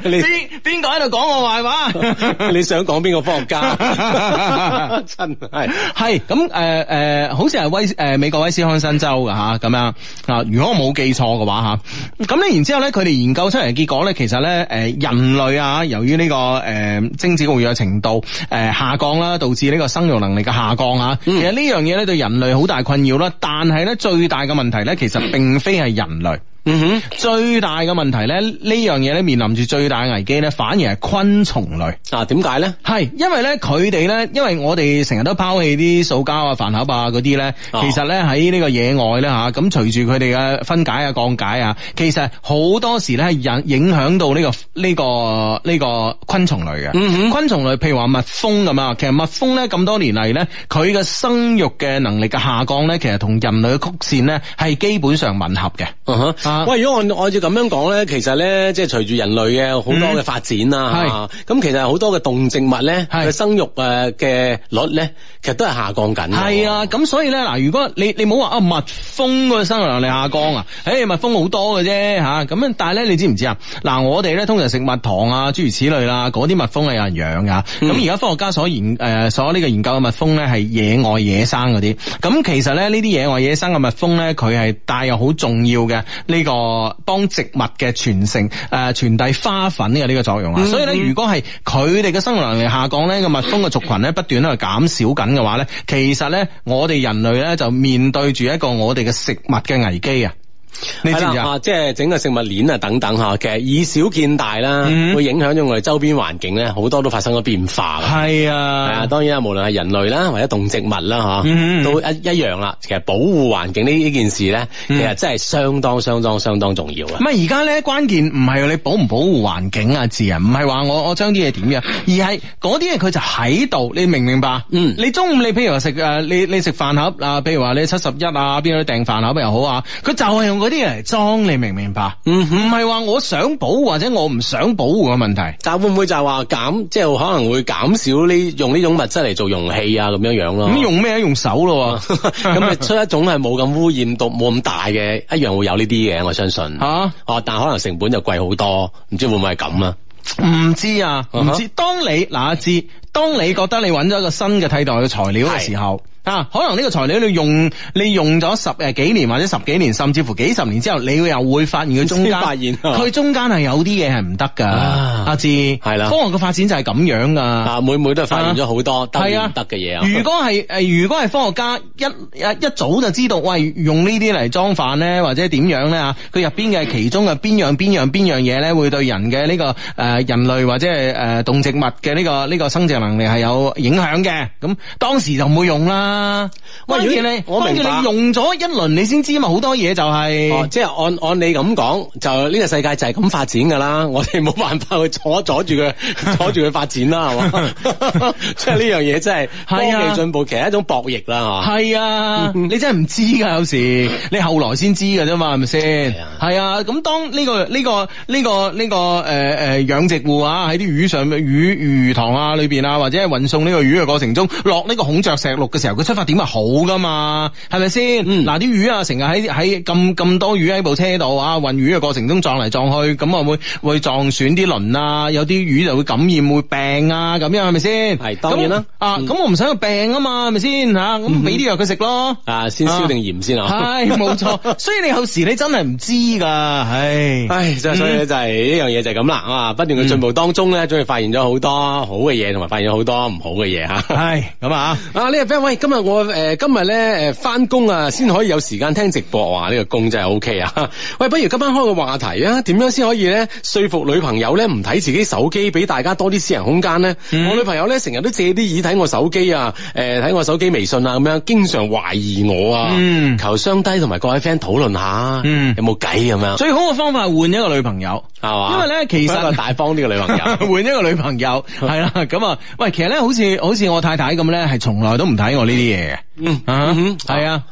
誰？邊個喺度講我壞話？ 你想講邊個科學家？ 真係係咁誒誒，好似係威誒、呃、美國威斯康辛州嘅吓咁樣啊。如果我冇記錯嘅話吓，咁、啊、咧然之後咧，佢哋研究出嚟嘅結果咧，其實咧誒、呃、人類啊，由於呢、這個誒、呃、精子嘅活躍程度誒、呃、下降啦，導致呢個生育能力嘅下降吓、啊。其實呢樣嘢咧對人類好大困擾啦。但係咧最大嘅問題咧，其實並非係人類。嗯哼，最大嘅問題咧，呢樣嘢咧面臨住最大危機咧，反而係昆蟲類啊。點解咧？係因為咧，佢哋咧，因為我哋成日都拋棄啲塑膠啊、飯盒啊嗰啲咧，其實咧喺呢個野外咧吓，咁隨住佢哋嘅分解啊、降解啊，其實好多時咧影影響到呢個呢個呢個昆蟲類嘅。嗯哼，昆蟲類譬如話蜜蜂咁啊，其實蜜蜂咧咁多年嚟咧，佢嘅生育嘅能力嘅下降咧，其實同人類嘅曲線咧係基本上吻合嘅。嗯哼。喂，如果按按照咁樣講咧，其實咧即係隨住人類嘅好多嘅發展啦，咁、嗯、其實好多嘅動植物咧嘅是生育誒嘅率咧，其實都係下降緊。係啊，咁所以咧嗱，如果你你唔好話啊，蜜蜂嗰個生育能力下降啊，誒、欸，蜜蜂好多嘅啫吓，咁、啊、樣但係咧，你知唔知啊？嗱，我哋咧通常食蜜糖啊，諸如此類啦，嗰啲蜜蜂係有人養嘅，咁而家科學家所研誒、呃、所呢個研究嘅蜜蜂咧係野外野生嗰啲，咁其實咧呢啲野外野生嘅蜜蜂咧，佢係帶有好重要嘅個幫植物嘅傳承誒傳遞花粉有呢個作用啊，嗯、所以咧，如果係佢哋嘅生存能力下降咧，個蜜蜂嘅族群咧不斷喺度減少緊嘅話咧，其實咧我哋人類咧就面對住一個我哋嘅食物嘅危機啊。你係啦，即係、啊就是、整個食物鏈啊，等等吓，其實以小見大啦，嗯、會影響咗我哋周邊環境咧，好多都發生咗變化。係啊，係啊，當然啦，無論係人類啦，或者動植物啦，吓、啊，嗯嗯嗯都一一樣啦。其實保護環境呢呢件事咧，嗯、其實真係相當相當相當重要啊。唔係而家咧，關鍵唔係你保唔保護環境啊，字啊，唔係話我我將啲嘢點樣，而係嗰啲嘢佢就喺度，你明唔明白？嗯，你中午你譬如話食誒，你你食飯盒啊，譬如話你去七十一啊，邊度訂飯盒又好啊，佢就係、是。嗰啲嚟裝，人裝你明唔明白？嗯，唔係話我想保或者我唔想保護嘅問題，但會唔會就係話減，即係可能會減少呢用呢種物質嚟做容器啊咁樣樣咯。咁、嗯、用咩？用手咯。咁咪 出一種係冇咁污染度、冇咁大嘅，一樣會有呢啲嘢，我相信。吓哦、啊，但可能成本就貴好多，唔知會唔會係咁啊？唔知啊，哈啊，唔、啊、知。當你嗱一知當你覺得你揾咗一個新嘅替代嘅材料嘅時候。啊，可能呢個材料你用，你用咗十誒幾年或者十幾年，甚至乎幾十年之後，你又會發現佢中間，佢、啊、中間係有啲嘢係唔得噶。阿志係啦，啊、的科學嘅發展就係咁樣噶。啊，每每都係發現咗好多係啊得嘅嘢啊。如果係誒，如果係科學家一一一早就知道，喂，用裝飯呢啲嚟裝飯咧，或者點樣咧啊？佢入邊嘅其中嘅邊樣邊、嗯、樣邊樣嘢咧，會對人嘅呢個誒人類或者係誒動植物嘅呢個呢個生殖能力係有影響嘅。咁當時就唔會用啦。啊！你我明你，你，我明你用咗一輪，你先知嘛？好多嘢就係，即係按按你咁講，就呢個世界就係咁發展噶啦。我哋冇辦法去阻阻住佢，阻住佢 發展啦，係嘛？即係呢樣嘢真係科技進步其，其實一種博弈，啦，係啊，嗯、哼你真係唔知噶，有時你後來先知噶啫嘛，係咪先？係啊，咁當呢個呢個呢個呢個誒誒養殖戶啊，喺啲魚上嘅魚魚,魚,魚塘啊裏邊啊，或者係運送呢個魚嘅過程中，落呢個孔雀石綠嘅時候，佢。出發點係好噶嘛，係咪先？嗱啲、嗯啊、魚啊，成日喺喺咁咁多魚喺部車度啊，混魚嘅過程中撞嚟撞去，咁會會撞損啲鱗啊，有啲魚就會感染會病啊，咁樣係咪先？係當然啦，啊咁我唔想佢病啊嘛，係咪先？吓咁俾啲藥佢食咯，啊先消定炎先啊，係冇錯。所以你有時你真係唔知噶，唉、哎、唉、哎，所以就係、是、呢、嗯、樣嘢就係咁啦。啊，不斷嘅進步當中咧，總係、嗯、發現咗好多好嘅嘢，同埋發現好多唔好嘅嘢吓。係 咁、哎、啊，啊呢位今日我誒、呃，今日咧誒，返工啊，先可以有時間聽直播啊。呢、這個工真係 O K 啊。喂，不如今晚開個話題啊，點樣先可以咧說服女朋友咧唔睇自己手機，俾大家多啲私人空間咧？嗯、我女朋友咧成日都借啲意睇我手機啊，誒、呃、睇我手機微信啊咁樣，經常懷疑我啊。嗯，求雙低同埋各位 friend 討論下，嗯，有冇計咁樣？最好嘅方法係換一個女朋友，係嘛、啊吧？因為咧其實係大方啲嘅女朋友，換 一個女朋友係啦。咁啊，喂，其實咧好似好似我太太咁咧，係從來都唔睇我呢。啲嘢嘅，啊，係啊，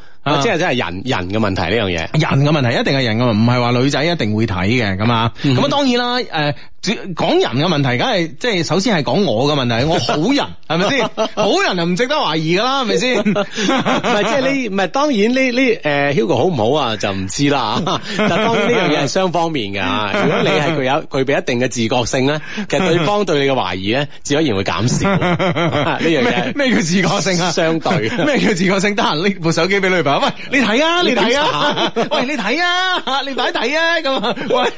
即係真係人人嘅問題呢樣嘢，人嘅問題一定係人嘅題，唔係話女仔一定會睇嘅，咁啊，咁啊當然啦，誒。講人嘅問題，梗係即係首先係講我嘅問題，我好人係咪先？ 好人就唔值得懷疑噶啦，係咪先？唔係即係呢？唔、就、係、是、當然呢？呢誒 Hugo 好唔好啊？就唔知啦、啊、 但係當然呢樣嘢係雙方面嘅 如果你係具有具備一定嘅自覺性咧，其實對方對你嘅懷疑咧，自自然會減少。呢樣嘢咩叫自覺性啊？相對咩叫自覺性？ 覺性 得閒拎部手機俾女朋友，喂你睇啊，你睇啊，喂你睇啊，吓你快睇啊咁。 喂，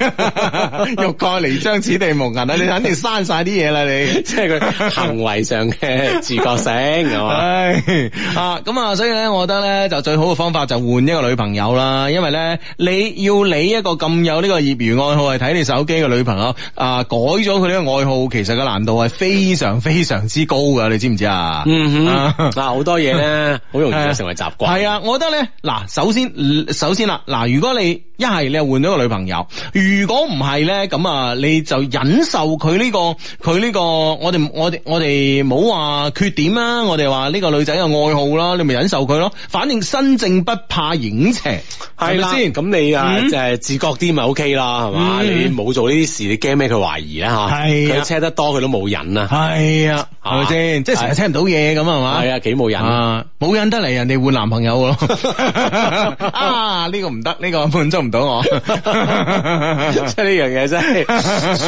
欲蓋彌彰，似。地無銀啊！你肯定刪晒啲嘢啦！你即係佢行為上嘅自覺性，係啊咁啊，所以咧，我覺得咧，就最好嘅方法就換一個女朋友啦。因為咧，你要你一個咁有呢個業餘愛好係睇你手機嘅女朋友啊，改咗佢呢個愛好，其實個難度係非常非常之高噶，你知唔知、嗯、哼啊？嗯哼啊，好多嘢咧，好容易成為習慣。係啊，我覺得咧，嗱，首先首先啦，嗱，如果你，你一係你又換咗個女朋友，如果唔係咧，咁啊你就，忍受佢呢、這個佢呢、這個，我哋我哋我哋冇話缺點啦，我哋話呢個女仔嘅愛好啦，你咪忍受佢咯。反正身正不怕影斜，係咪先？咁吧、嗯、你啊，就係、是、自覺啲咪 OK 啦，係嘛、嗯？你冇做呢啲事，你驚咩？佢懷疑啦吓，佢車得多，佢都冇忍啊，係的啊，係咪先？即係成日車唔到嘢咁，係嘛？係啊，幾冇忍啊，冇、啊、忍得嚟，人哋換男朋友咯。 啊，呢、這個唔得，呢、這個滿足唔到我。即係呢樣嘢真係。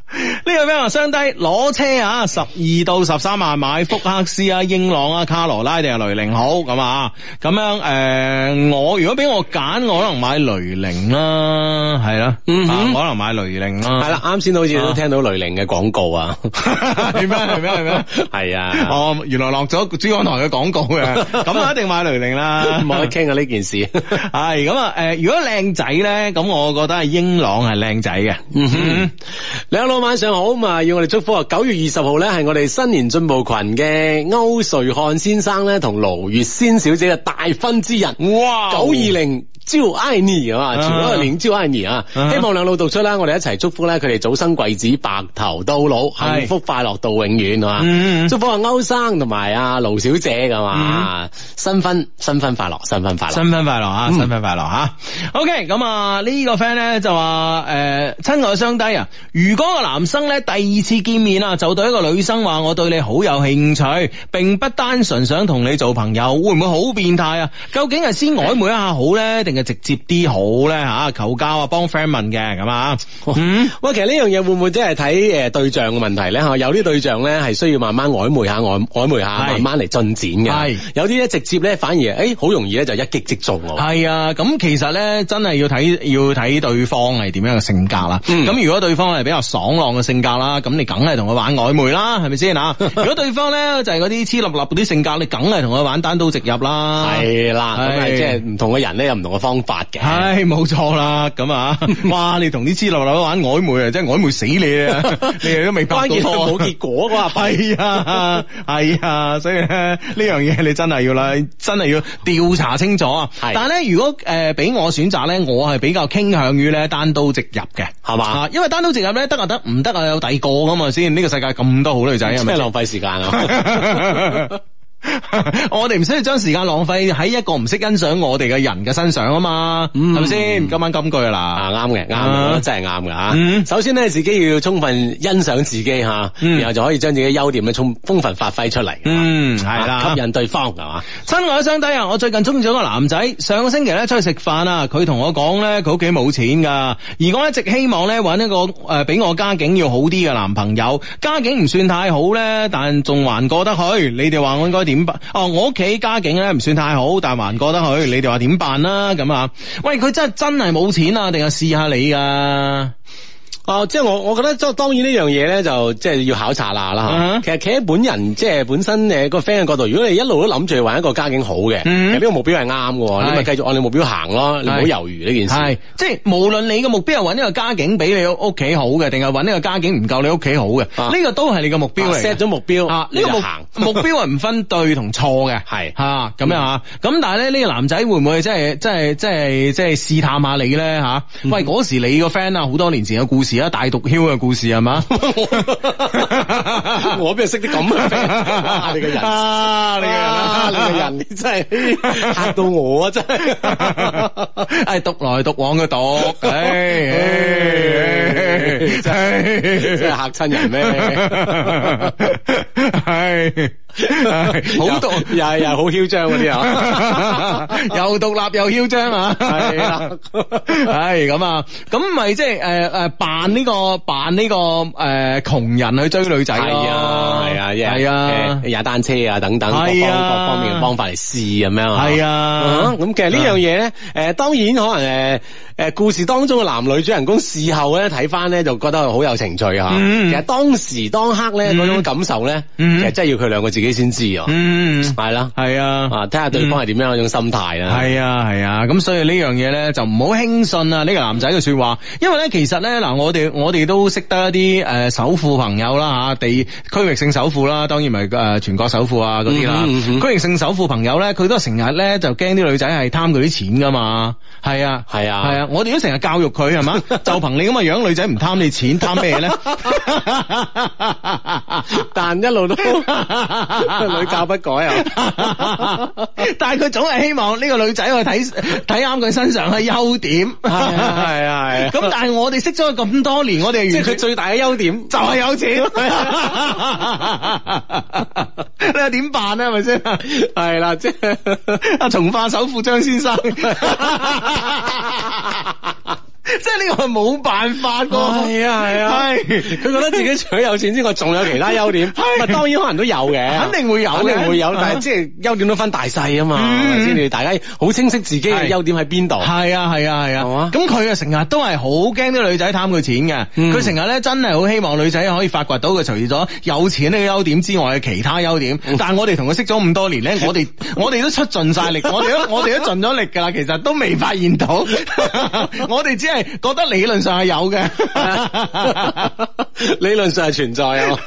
呢個咩話？升低攞車啊，十二到十三萬買福克斯啊、英朗啊、卡羅拉定係雷凌好咁啊，咁樣誒、呃，我如果俾我揀，我可能買雷凌、啊、啦，係啦、嗯，可能買雷凌啦，係啦、啊，啱先、嗯嗯、好似都聽到雷凌嘅廣告啊，係咩係咩係咩，係 啊，我原來落咗珠江台嘅廣告嘅，咁啊 一定買雷凌啦，冇得傾啊呢件事，係 咁啊，誒，如果靚仔咧，咁我覺得係英朗係靚仔嘅，兩、 嗯、老。晚上好嘛，要我哋祝福啊！九月二十號咧係我哋新年進步群嘅歐瑞漢先生咧同盧月仙小姐嘅大婚之日，哇！九二零朝 I 尼啊嘛，全部都係零朝 I 尼啊！尼啊啊希望兩路讀出啦，我哋一齊祝福咧、啊，佢哋早生貴子，白頭到老，是幸福快樂到永遠啊嗯！嗯，祝福啊歐生同埋阿盧小姐噶嘛，啊嗯、新婚新婚快樂，新婚快樂，新婚快樂啊！新婚快樂吓，OK，咁啊、這個、呢個 friend 咧就話誒，親愛相低啊，如果男生咧第二次見面啊，就對一個女生話我對你好有興趣，並不單純想同你做朋友，會唔會好變態啊？究竟係先曖昧一下好呢？定係直接啲好呢？吓求交啊，幫 friend 問嘅咁啊。喂哇、嗯，其實呢樣嘢會唔會真係睇誒對象嘅問題呢？吓有啲對象呢，係需要慢慢曖昧下，曖曖昧下，是慢慢嚟進展嘅。係，有啲咧直接咧反而誒好容易咧就一擊即中。係啊，咁其實呢，真係要睇要睇對方係點樣嘅性格啦。咁、嗯、如果對方係比較爽。嘅性格啦，咁你梗係同佢玩曖昧啦，係咪先嗱？如果對方咧就係嗰啲黐立立嗰啲性格，你梗係同佢玩單刀直入啦。係、 就是、啦，咁係即係唔同嘅人咧有唔同嘅方法嘅。係冇錯啦，咁啊，哇！你同啲黐立立玩曖昧啊，即係曖昧死你啊！ 你都未拍到冇 結果，我話弊啊，係啊，所以咧呢樣嘢你真係要啦，真係要調查清楚啊。 但係咧，如果誒俾、呃、我選擇咧，我係比較傾向於咧單刀直入嘅，係嘛的？因為單刀直入咧得呀得。唔得啊，有第二個噶嘛先，呢個世界咁多好女仔，係咪浪費時間啊？ 我哋唔需要將時間浪費喺一個唔識欣賞我哋嘅人嘅身上啊嘛，係咪先？今晚金句啦，啱嘅、啊，啱嘅，啊、真係啱嘅吓。嗯、首先咧，自己要充分欣賞自己吓，嗯、然後就可以將自己嘅優點咧充，充分發揮出嚟。嗯，係啦、啊，的吸引對方係嘛。親愛嘅兄弟啊，我最近中意咗個男仔，上個星期咧出去食飯啊，佢同我講咧佢屋企冇錢噶，而我一直希望咧揾一個誒比、呃、我家境要好啲嘅男朋友，家境唔算太好咧，但仲還，還過得去。你哋話我應該點辦？哦，我屋企家境咧唔算太好，但係還過得去。你哋話點辦啦？咁啊？喂，佢真係真係冇錢啊？定係試下你啊？哦，即係我，我覺得即係當然呢樣嘢咧，就即係要考察啦啦吓。其實企喺本人即係本身誒個 friend 嘅角度，如果你一路都諗住揾一個家境好嘅，其實呢個目標係啱嘅，你咪繼續按你目標行咯，你唔好猶豫呢件事。係即係無論你嘅目標係揾一個家境比你屋企好嘅，定係揾一個家境唔夠你屋企好嘅，呢個都係你嘅目標嚟。set 咗目標啊，呢個目目標係唔分對同錯嘅，係吓咁樣吓。咁但係咧呢個男仔會唔會即係即係即係即係試探下你咧吓？喂，嗰時你個 friend 啊，好多年前嘅故事。而家大毒梟嘅故事係嘛？ 我邊係識啲咁啊你個人， 啊、你個人， 啊、你個人，你真係嚇到我啊！真係， 係獨來獨往嘅獨，真係真係嚇親人咩？係、 哎。好獨又又好囂張嗰啲啊，又獨立又囂張啊，係啊，係咁啊，咁咪即係誒誒扮呢個扮呢個誒窮人去追女仔啊，係啊，係啊，踩單車啊等等，各方面嘅方法嚟試咁樣啊，係啊，咁其實呢樣嘢咧，誒當然可能誒誒故事當中嘅男女主人公事後咧睇返咧就覺得好有情趣啊，其實當時當刻咧嗰種感受咧，其實真係要佢兩個字。自己先知，嗯、吧啊，啊看看嗯，係啦，係啊，啊，睇下對方係點樣一種心態啊。係啊，係啊，咁所以呢樣嘢咧就唔好輕信啊呢、呢個男仔嘅說話，因為咧其實咧嗱，我哋我哋都識得一啲誒首富朋友啦吓，地區域性首富啦，當然唔係誒全國首富啊嗰啲啦，區、嗯嗯、域性首富朋友咧，佢都成日咧就驚啲女仔係貪佢啲錢噶嘛，係啊，係啊，係啊，我哋都成日教育佢係嘛， 就憑你咁嘅樣，女仔唔貪你錢，貪咩咧？ 但一路都。 屢教不改啊！ 但係佢總係希望呢個女仔去睇睇啱佢身上嘅優點。係啊，係咁但係我哋識咗佢咁多年，我哋係佢最大嘅優點就係有錢。 你又點辦啊？係咪先？係啦，即係阿從化首富張先生。 即係呢個係冇辦法㗎，係啊係啊，佢覺得自己除咗有錢之外，仲有其他優點，係當然可能都有嘅，肯定會有，肯定會有。但係即係優點都分大細啊嘛，先知大家好清晰自己嘅優點喺邊度。係啊係啊係啊，咁佢啊成日都係好驚啲女仔貪佢錢嘅，佢成日咧真係好希望女仔可以發掘到佢除咗有錢呢個優點之外嘅其他優點。但係我哋同佢識咗咁多年咧，我哋我哋都出盡晒力，我哋都我哋都盡咗力㗎啦，其實都未發現到，我哋只係。覺得理論上係有嘅， 理論上係存在啊，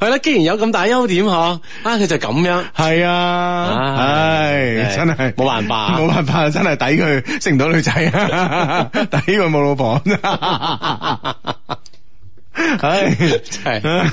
係啦，既然有咁大優點，吓，啊，佢就咁樣，係啊，唉，真係冇辦法，啊，冇辦法，真係抵佢識唔到女仔，啊。 抵佢冇老婆，啊。 係係，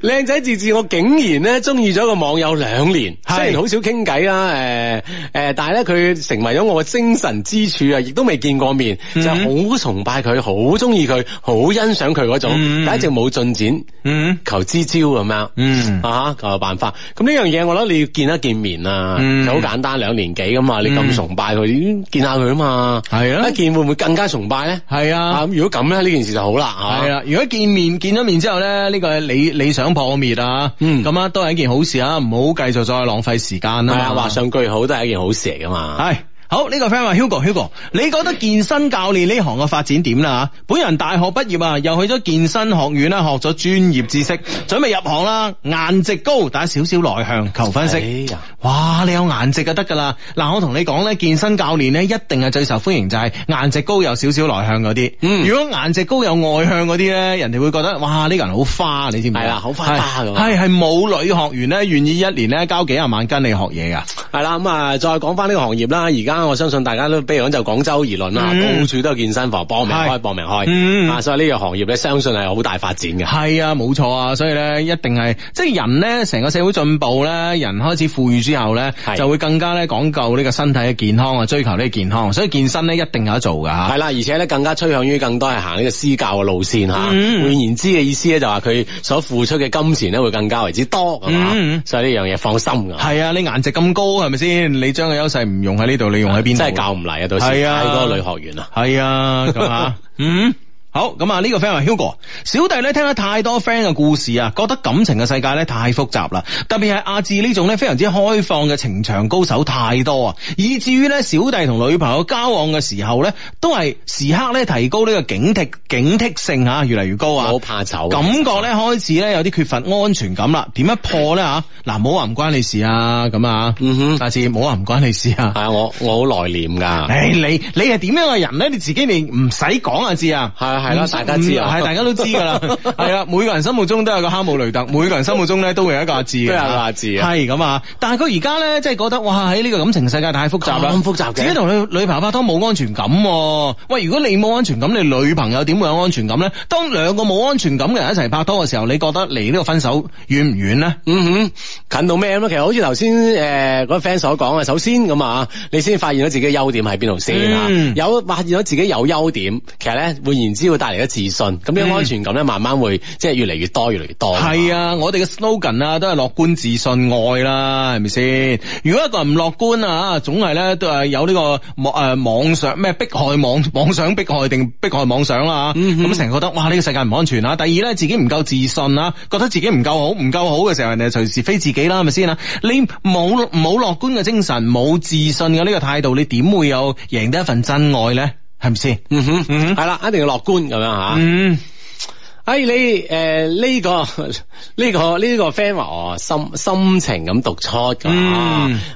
靚仔字字，我竟然咧中意咗個網友兩年，雖然好少傾偈啦，誒誒，但係咧佢成為咗我嘅精神支柱啊，亦都未見過面，就係好崇拜佢，好中意佢，好欣賞佢嗰種，但一直冇進展，嗯，求支招咁樣，嗯，啊吓，求有辦法，咁呢樣嘢，我諗你要見一見面啊，就好簡單，兩年幾噶嘛，你咁崇拜佢，見下佢啊嘛，係啊，一見會唔會更加崇拜咧？係啊，咁如果咁咧，呢件事就好啦，係啊。如果見面。見咗面之後咧，呢個係理,理想破滅啊，咁啊、嗯、都係一件好事啊，唔好繼續再浪費時間啦。係畫吧上句號都係一件好事嚟噶嘛。係好呢個 friend 話，Hugo Hugo，你覺得健身教練呢行嘅發展點啦吓？本人大學畢業啊，又去咗健身學院啦，學咗專業知識，準備入行啦。顏值高，但係少少內向，求分析。哎哇！你有顏值就得噶啦。嗱，我同你講咧，健身教練咧一定係最受歡迎就係顏值高有少少內向嗰啲。嗯、如果顏值高有外向嗰啲咧，人哋會覺得哇呢、這個、人好花，你知唔知？係啦，好花花咁是。係係冇女學員咧願意一年咧交幾廿萬跟你學嘢噶。係啦，咁、嗯、啊再講翻呢個行業啦。而家我相信大家都，比如講就廣州而論啦，到、嗯、處都係健身房，搏命開，搏命的開、嗯所。所以呢個行業咧，相信係好大發展嘅。係啊，冇錯啊。所以咧，一定係即係人咧，成個社會進步咧，人開始富裕住。之後咧就會更加咧講究呢個身體嘅健康啊，追求呢個健康，所以健身咧一定有得做噶吓。係啦，而且咧更加趨向於更多係行呢個私教嘅路線吓。換、嗯、言之嘅意思咧就話佢所付出嘅金錢咧會更加為之多，係嘛、嗯？所以呢樣嘢放心噶。係啊，你顏值咁高係咪先？你將個優勢唔用喺呢度，你用喺邊？真係教唔嚟啊！到時太多的的女學員啦。係啊，咁啊， 嗯。好咁啊！呢個 friend Hugo 小弟咧聽咗太多 friend 嘅故事啊，覺得感情嘅世界咧太複雜啦。特別係阿志呢種咧非常之開放嘅情場高手太多啊，以至於咧小弟同女朋友交往嘅時候咧，都係時刻咧提高呢個警惕，警惕性吓，越嚟越高啊。我好怕醜，感覺咧開始咧有啲缺乏安全感啦。點樣破咧吓？嗱，唔好話唔關你事啊咁啊。嗯哼，阿志唔好話唔關你事啊。係啊，我我好內斂噶。唉，你你係點樣嘅人咧？你自己你唔使講阿志啊。係啊。係啦，大家知啊，係、嗯、大家都知噶啦，係啊， 每個人心目中都有個哈姆雷特，每個人心目中咧都會有一個阿智阿智，係咁啊，但係佢而家咧即係覺得哇，喺呢個感情世界太複雜啦，咁複雜自己同女女朋友拍拖冇安全感，啊，喂，如果你冇安全感，你女朋友點會有安全感咧？當兩個冇安全感嘅人一齊拍拖嘅時候，你覺得離呢個分手遠唔遠咧？嗯哼，近到咩咯？其實好似頭先誒嗰個 friend 所講嘅，首先咁啊，你先發現咗自己嘅優點喺邊度先啊？嗯、有發現咗自己有優點，其實咧換言之。會帶嚟嘅自信，咁啲安全感咧，慢慢會即係越嚟越多，越嚟越多。係啊，我哋嘅 slogan 啊，都係樂觀、自信愛、愛啦，係咪先？如果一個人唔樂觀啊，總係咧都係有呢個誒妄想，咩迫害妄妄想、迫害定迫害妄想啦嚇。咁成日覺得哇，呢、呢個世界唔安全啊！第二咧，自己唔夠自信啊，覺得自己唔夠好、唔夠好嘅時候，人哋隨時飛自己啦，係咪先啊？你冇冇樂觀嘅精神，冇自信嘅呢個態度，你點會有贏得一份真愛咧？係咪先？嗯哼，嗯，係啦，一定要樂觀咁樣吓。Protects, 嗯，哎、嗯，andan, 啊、你誒呢個呢個呢個 friend 話，心心、嗯、情咁讀出，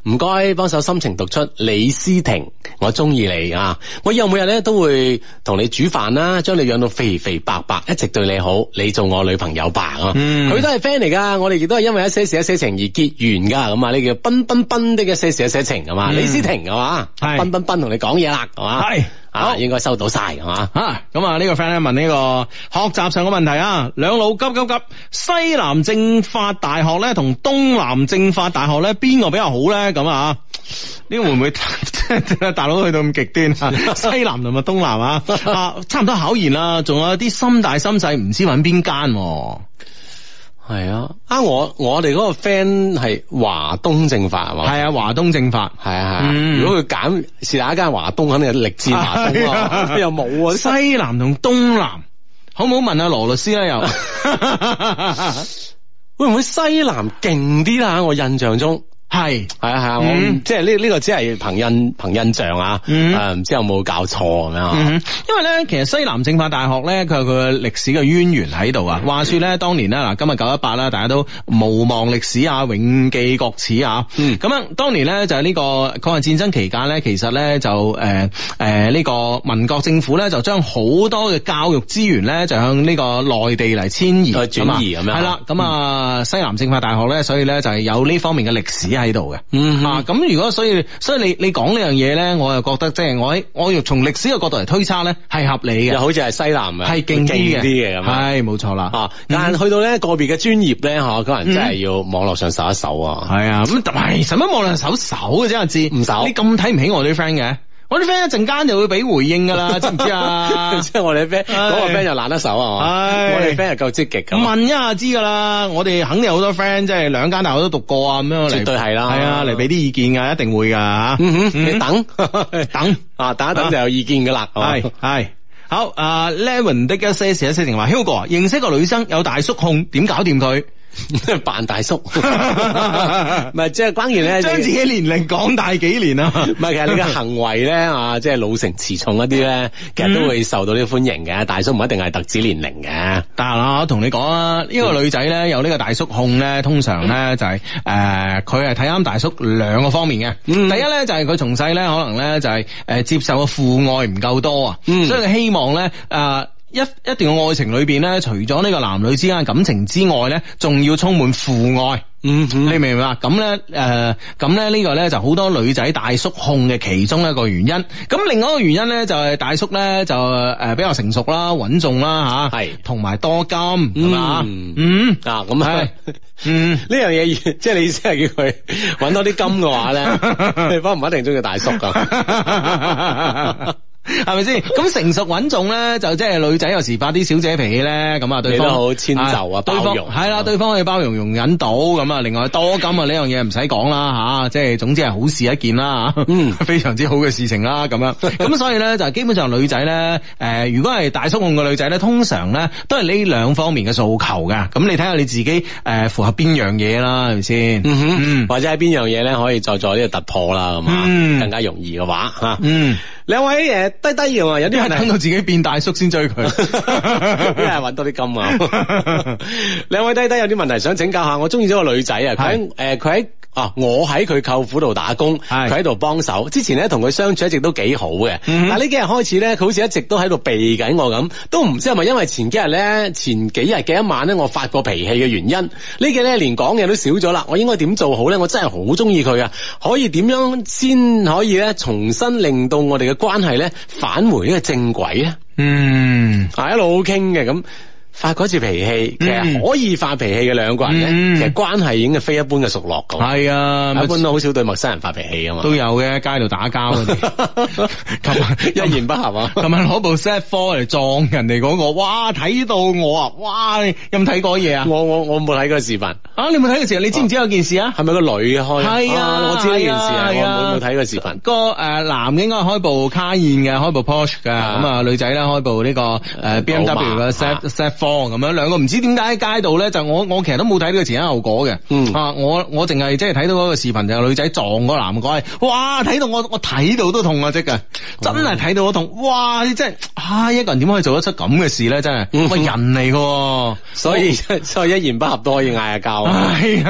唔該幫手心情讀出李思婷，我中意你啊！我以後每日咧都會同你煮飯啦，將你養到肥肥白白，一直對你好，你做我女朋友吧。佢都係 friend 嚟噶，我哋亦都係因為一些事一些情而結緣噶，咁啊呢叫彬彬彬的一些事一些情咁嘛。李思婷係嘛，彬彬彬同你講嘢啦，係嘛。好、啊，應該收到晒，係嘛？啊，咁啊呢、啊呢個 friend 咧問呢、呢個學習上嘅問題啊，兩老急急急，西南政法大學咧同東南政法大學咧邊個比較好咧？咁啊，呢、呢個、會唔會 大佬去到咁極端、啊？西南同埋東南啊， 啊差唔多考完啦，仲有啲心大心細、啊，唔知揾邊間。係啊，啊我我哋嗰個 friend 係華東政法係嘛，係啊，華東政法係啊係，嗯、如果佢揀是哪一間華東，肯定係力戰華東咯、哎呀啊，又冇啊。西南同東南，好唔好問下羅律師咧？又 會唔會西南勁啲啦？我印象中。係係啊係啊，即係呢呢個只係憑印憑印象啊，誒唔知有冇搞錯啊？因為咧，其實西南政法大學咧，佢有佢嘅歷史嘅淵源喺度啊。話說咧，當年咧嗱，今日九一八啦，大家都無忘歷史啊，永記國恥啊。咁樣當年咧就係呢個抗日戰爭期間咧，其實咧就誒誒呢個民國政府咧就將好多嘅教育資源咧就向呢個內地嚟遷移轉移咁樣係啦。咁啊西南政法大學咧，所以咧就係有呢方面嘅歷史。喺度嘅，嗯啊，咁如果所以，所以你你講呢樣嘢，咧，我又覺得即係我我從歷史嘅角度嚟推測咧，係合理嘅，又好似係西南嘅，係勁啲嘅，啲嘅咁，係冇錯啦。嗯啊，啊，但係去到咧個別嘅專業咧，嗬，可能真係要網絡上搜一搜，啊、嗯啊搜，搜，啊。係啊，咁係使乜網絡上搜搜嘅啫，阿志，唔搜，你咁睇唔起我啲 friend 嘅？我啲 friend 一陣間就會俾回應噶啦，知唔知啊？即係我哋 friend，嗰個 friend 就懶得手係我哋 friend 又夠積極噶。問一下知噶啦，我哋肯定有好多 friend 即係兩間大學都讀過啊，咁樣嚟。絕對係啦，係啊嚟俾啲意見噶，一定會噶。你等等啊，等一等就有意見噶啦。係係好啊，Levin 的一些事一些情，Hugo 認識個女生有大叔控，點搞掂佢？扮大叔，唔係即係關鍵咧你，將自己年齡講大幾年啊？唔係，其實你嘅行為咧啊，即係老成持重一啲咧，其實都會受到啲歡迎嘅。大叔唔一定係特指年齡嘅。嗯、但係我同你講啊，呢個女仔咧有呢個大叔控咧，通常咧就係誒，佢係睇啱大叔兩個方面嘅。嗯、第一咧就係佢從細咧可能咧就係誒接受嘅父愛唔夠多啊，嗯、所以佢希望咧誒。呃一一段愛情裏邊咧，除咗呢個男女之間感情之外咧，仲要充滿父愛。嗯，你明唔明啊？咁咧，誒，咁咧呢個咧就好多女仔大叔控嘅其中一個原因。咁另外一個原因咧就係大叔咧就誒比較成熟啦，穩重啦吓，係同埋多金咁啊。嗯啊，咁啊，嗯呢樣嘢，即係你意思係叫佢揾多啲金嘅話咧，女方唔一定中意大叔噶。係咪先？咁 成熟穩重咧，就即係女仔有時發啲小姐脾氣咧，咁啊 對方好遷就啊， 對方係啦，對方可以包容容忍到咁啊。另外多金啊呢樣嘢唔使講啦吓，即係 總之係好事一件啦 非常之好嘅事情啦咁樣。咁 所以咧就基本上女仔咧，誒、呃，如果係大叔控嘅女仔咧，通常咧都係呢兩方面嘅訴求嘅。咁你睇下，你自己誒、呃、符合邊樣嘢啦，係咪先？嗯、哼或者係邊樣嘢咧可以再做呢個突破啦，咁啊、嗯，更加容易嘅話吓，嗯。嗯兩位誒、呃，低低要啊，有啲人等到自己變大叔先追佢，啲人揾多啲金啊。兩 位低低有啲問題想請教下，我中意咗個女仔啊，佢喺誒，佢喺。呃啊！我喺佢舅父度打工，佢喺度幫手。之前咧同佢相處一直都好、嗯、哼幾好嘅，但呢幾日開始咧，佢好似一直都喺度避緊我咁，都唔知係咪因為前幾日咧，前幾日嘅一晚咧我發過脾氣嘅原因，幾呢幾日連講嘢都少咗啦。我應該點做好咧？我真係好中意佢㗎，可以點樣先可以咧重新令到我哋嘅關係咧返回呢個正軌咧？嗯，係、啊、一路好傾嘅咁。發嗰次脾氣，其實可以發脾氣嘅兩個人咧，其實關係已經係非一般嘅熟絡咁。係啊，一般都好少對陌生人發脾氣啊嘛。都有嘅，喺街度打交，琴日一言不合，啊，琴日攞部 Z4 嚟撞人哋嗰個，哇！睇到我啊，哇！有冇睇過嘢啊？我我我冇睇過個視頻。啊，你冇睇過個視頻？你知唔知有件事啊？係咪個女嘅開？係啊，我知呢件事啊，我冇睇過視頻。個誒男應該開部卡宴嘅，開部 Porsche 嘅，咁啊女仔咧開部呢個誒 BMW 嘅 Z Z4。哦，咁樣兩個唔知點解喺街度咧，就我我其實都冇睇呢個前因後果嘅，嗯、啊，我我淨係即係睇到嗰個視頻就係、是、女仔撞嗰個男嘅，哇！睇到我我睇到都痛啊，即係，真係睇到我痛，哇！你真係，啊，一個人點可以做得出咁嘅事咧？真係，喂、嗯，人嚟嘅，所以，我所，以所以一言不合都可以嗌下交啊！係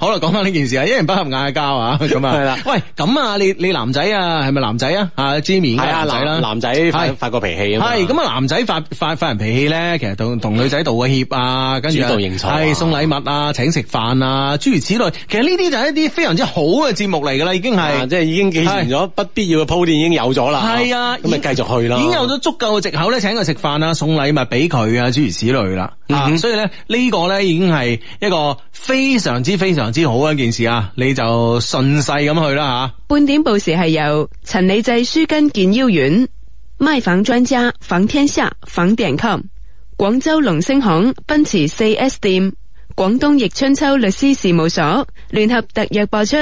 好啦，講翻呢件事啊，一言不合嗌下交啊，咁啊 了，係啦，喂，咁啊，你你男仔啊，係咪男仔啊？啊，Jimmy 係啊，呀男仔啦，男仔發發個脾氣啊，係咁啊，男仔發發發人脾氣咧，其實同女仔道個歉啊，跟住道認錯，啊，係送禮物啊，請食飯啊，諸如此類。其實呢啲就係一啲非常之好嘅節目嚟噶啦，已經係，啊，即係已經完成咗不必要嘅鋪墊，已經有咗啦。係啊，咁咪繼續去啦。已經有咗足夠嘅藉口咧，請佢食飯啊，送禮物俾佢啊，諸如此類啦，啊嗯哼啊。所以咧，呢個咧已經係一個非常之非常之好嘅一件事啊。你就順勢咁去啦吓。半點報時係由陳李濟舒筋健腰丸賣房專家房天下房點 c 廣州龍星行奔馳四 s 店、廣東易春秋律師事務所聯合特約播出。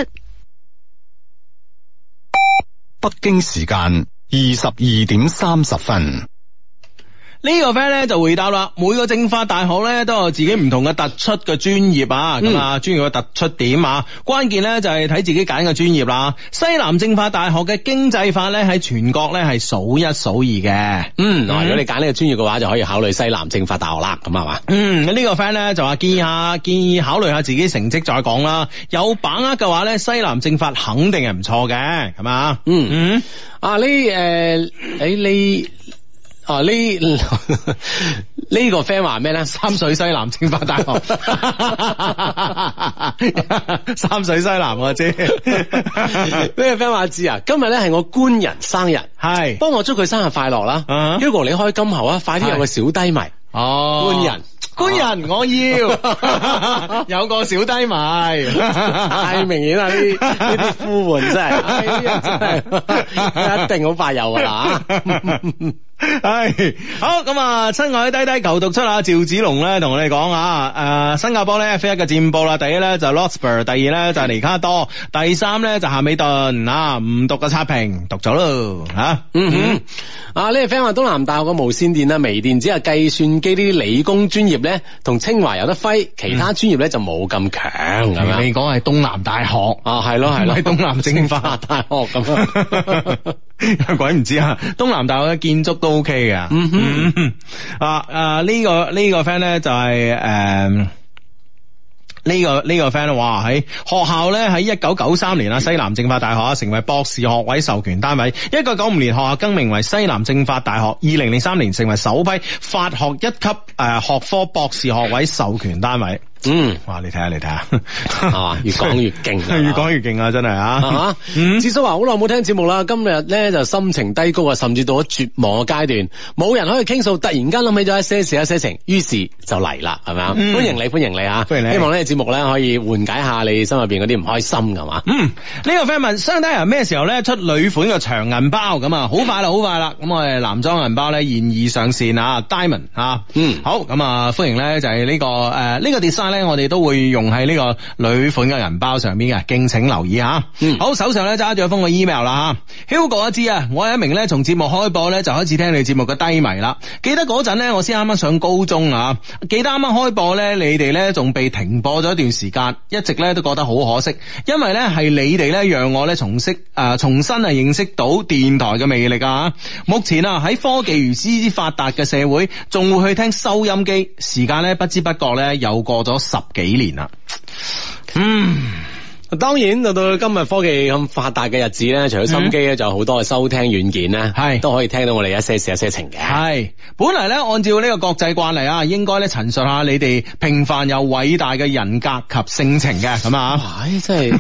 北京時間二十二點三十分。呢個 friend 咧就回答啦，每個政法大學咧都有自己唔同嘅突出嘅專業啊，咁啊、嗯、專業嘅突出點啊，關鍵咧就係睇自己揀嘅專業啦。西南政法大學嘅經濟法咧喺全國咧係數一數二嘅，嗯，嗱、嗯，如果你揀呢個專業嘅話，就可以考慮西南政法大學啦，咁係嘛，嗯，呢、呢個 friend 咧就話建議下，建議考慮下自己成績再講啦，有把握嘅話咧，西南政法肯定係唔錯嘅，係嘛，嗯嗯，嗯啊，呢，誒、呃哎，你你。你哦，啊這個、呢呢個 friend 話咩咧？三水西南政法大學， 三水西南我知。呢 個 friend 話知啊，今日咧係我官人生日，係是，幫我祝佢生日快樂啦。Uh、Hugo，你開金喉啊，快啲有個小低迷。哦、uh，huh. 官人，官人，uh huh. 我要有個小低迷，太、 哎、明顯啦！呢呢啲呼喚、哎、真係，一定好快有啦。啊 唉， 好咁、嗯嗯嗯、啊！親愛低低求讀出啊，趙子龍咧同我哋講啊，誒，新加坡咧，F1 一個戰報啦，第一咧就 Losber，第二咧就尼卡多，第三咧就夏美頓啊，唔讀個差評，讀咗咯吓，嗯哼，啊呢個 friend 話，東南大學個無線電啊、微電子啊、計算機呢啲理工專業咧，同清華有得揮，其他專業咧就冇咁強，係、嗯、你講係東南大學 啊，係咯係咯， 東南政法大學咁。鬼唔知啊！ 東南大學嘅建築都 OK 嘅、嗯哼 啊。啊啊呢、呢個呢、呢個 friend 呢、呃，就係誒呢個呢、呢個 friend 話喺學校呢，喺一九九三年啊西南政法大學啊成為博士學位授權單位，一九九五年學校更名為西南政法大學，二零零三年成為首批法學一級誒學科博士學位授權單位。嗯，哇！你睇下，你睇下，係 嘛、啊？越講越勁， 越講越勁啊！真係啊，哈、huh. mm！志叔話好耐冇聽節目啦，今日咧就心情低谷啊，甚至到咗絕望嘅階段，冇人可以傾訴，突然間諗起咗一些事、一些情，於是就嚟啦，係咪啊？Mm hmm. 歡迎你，歡迎你啊！歡迎你，希望呢個節目咧可以緩解下你心入邊啲唔開心嘅嘛。嗯、呃，呢、這個 friend 問雙低人咩時候咧出女款嘅長銀包咁啊？好快啦，好快啦！咁我哋男裝銀包咧現已上線啊，Diamond 啊，嗯，好咁啊，歡迎咧就係呢個誒呢個 design 我哋都會用喺呢個女款嘅銀包上面嘅，敬請留意吓。嗯、好，手上咧揸住一封嘅 email 啦吓。Hugo 阿芝啊，我係一名咧從節目開播咧就開始聽你節目嘅低迷啦。記得嗰陣咧我先啱啱上高中啊，記得啱啱開播咧你哋咧仲被停播咗一段時間，一直咧都覺得好可惜，因為咧係你哋咧讓我咧重識誒、呃、重新啊認識到電台嘅魅力啊。目前啊喺科技如此發達嘅社會，仲會去聽收音機，時間咧不知不覺咧又過咗。十幾年啦，嗯。啊，當然到到今日科技咁發達嘅日子咧，除咗心機咧，就好多嘅收聽軟件咧，係、嗯、都可以聽到我哋一些事、一些情嘅。係，本來咧按照呢個國際慣例啊，應該咧陳述下你哋平凡又偉大嘅人格及性情嘅咁啊。唉，真係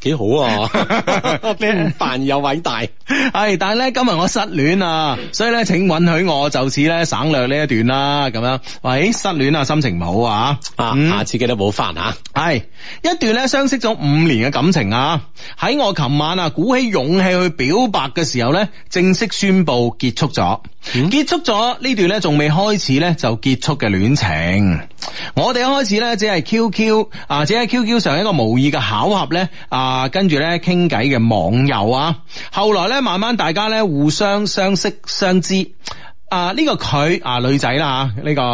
幾 好啊， 平凡又偉大。係， 但係咧今日我失戀啊，所以咧請允許我就此咧省略呢一段啦。咁樣，喂、欸，失戀啊，心情唔好啊，啊，嗯、下次記得補翻吓。係、嗯，一段咧相識咗。五年嘅感情啊，喺我琴晚啊鼓起勇氣去表白嘅時候咧，正式宣布結束咗，嗯、結束咗呢段咧仲未開始咧就結束嘅戀情。我哋一開始咧只係 QQ 啊，只係 QQ 上一個無意嘅巧合咧啊，跟住咧傾偈嘅網友啊，後來咧慢慢大家咧互相相識相知。啊，呢、這個佢啊女仔啦，呢、這個誒、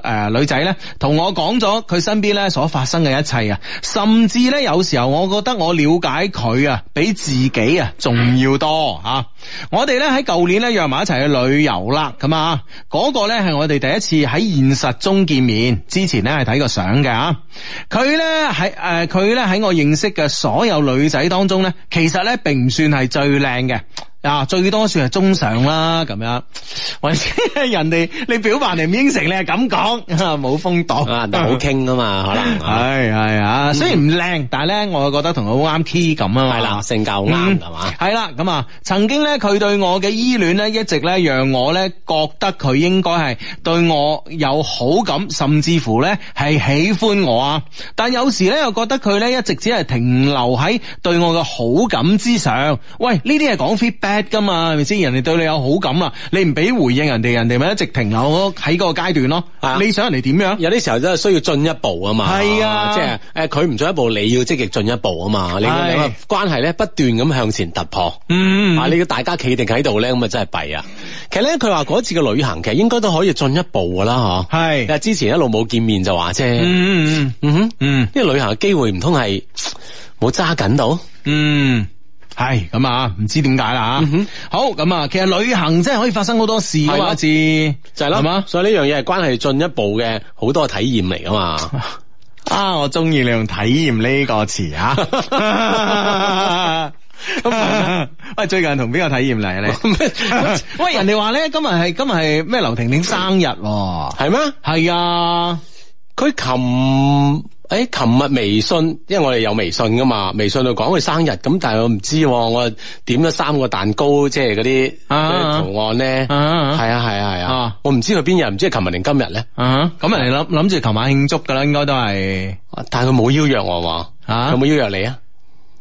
呃、女仔呢，同我講咗佢身邊咧所發生嘅一切啊，甚至呢，有時候我覺得我了解佢啊，比自己啊仲要多吓、啊。我哋呢，喺舊年呢，約埋一齊去旅遊啦，咁啊，嗰、那個呢，係我哋第一次喺現實中見面，之前呢，係睇過相嘅啊。佢呢，喺誒，佢咧喺我認識嘅所有女仔當中呢，其實呢，並唔算係最靚嘅。啊，最多算係中上啦，咁樣或者人哋你表白你唔應承，你係咁講，冇風擋啊，人哋好傾噶嘛，可能係係啊，雖然唔靚，但係咧，我又覺得同佢好啱 key 咁啊，係啦，性格好啱係嘛，係啦、嗯，咁啊，啊，曾經咧，佢對我嘅依戀咧，一直咧讓我咧覺得佢應該係對我有好感，甚至乎咧係喜歡我啊，但有時咧又覺得佢咧一直只係停留喺對我嘅好感之上，喂，呢啲係講叻噶嘛，咪先人哋對你有好感啊！你唔俾回應人哋，人哋咪一直停留喺喺個階段咯。的你想人哋點樣？有啲時候真係需要進一步啊嘛。係的啊，即係誒，佢唔進一步，你要積極進一步啊嘛。的你嘅關係咧不斷咁向前突破。嗯、啊，你要大家企定喺度咧，咁啊真係弊啊。其實咧，佢話嗰次嘅旅行，其實應該都可以進一步噶啦。嗬的，係、啊。之前一路冇見面就話啫。嗯嗯嗯哼，嗯，因為、嗯、嗯嗯、旅行嘅機會唔通係冇揸緊到？嗯。係咁啊，唔知點解啦吓。好咁啊，其實旅行真係可以發生好多事噶嘛，字就係咯，係嘛。所以呢樣嘢係關係進一步嘅好多體驗嚟噶嘛。啊，我中意你用體驗呢個詞啊。咁啊，最近同邊個體驗嚟啊？你？ 喂，人哋話咧，今日係今日係咩？劉婷婷生日係咩？係啊，佢嗎、啊、琴。誒，琴、哎、日微信，因為我哋有微信噶嘛，微信度講佢生日，咁但係我唔知、啊，我點咗三個蛋糕，即係嗰啲圖案咧，係啊係啊係啊，啊，啊，啊，啊啊啊我唔知佢邊日，唔知係琴日定今日咧，咁、啊啊、人哋諗諗住琴晚慶祝噶啦，應該都係，但係佢冇邀約我喎，啊、有冇邀約你啊？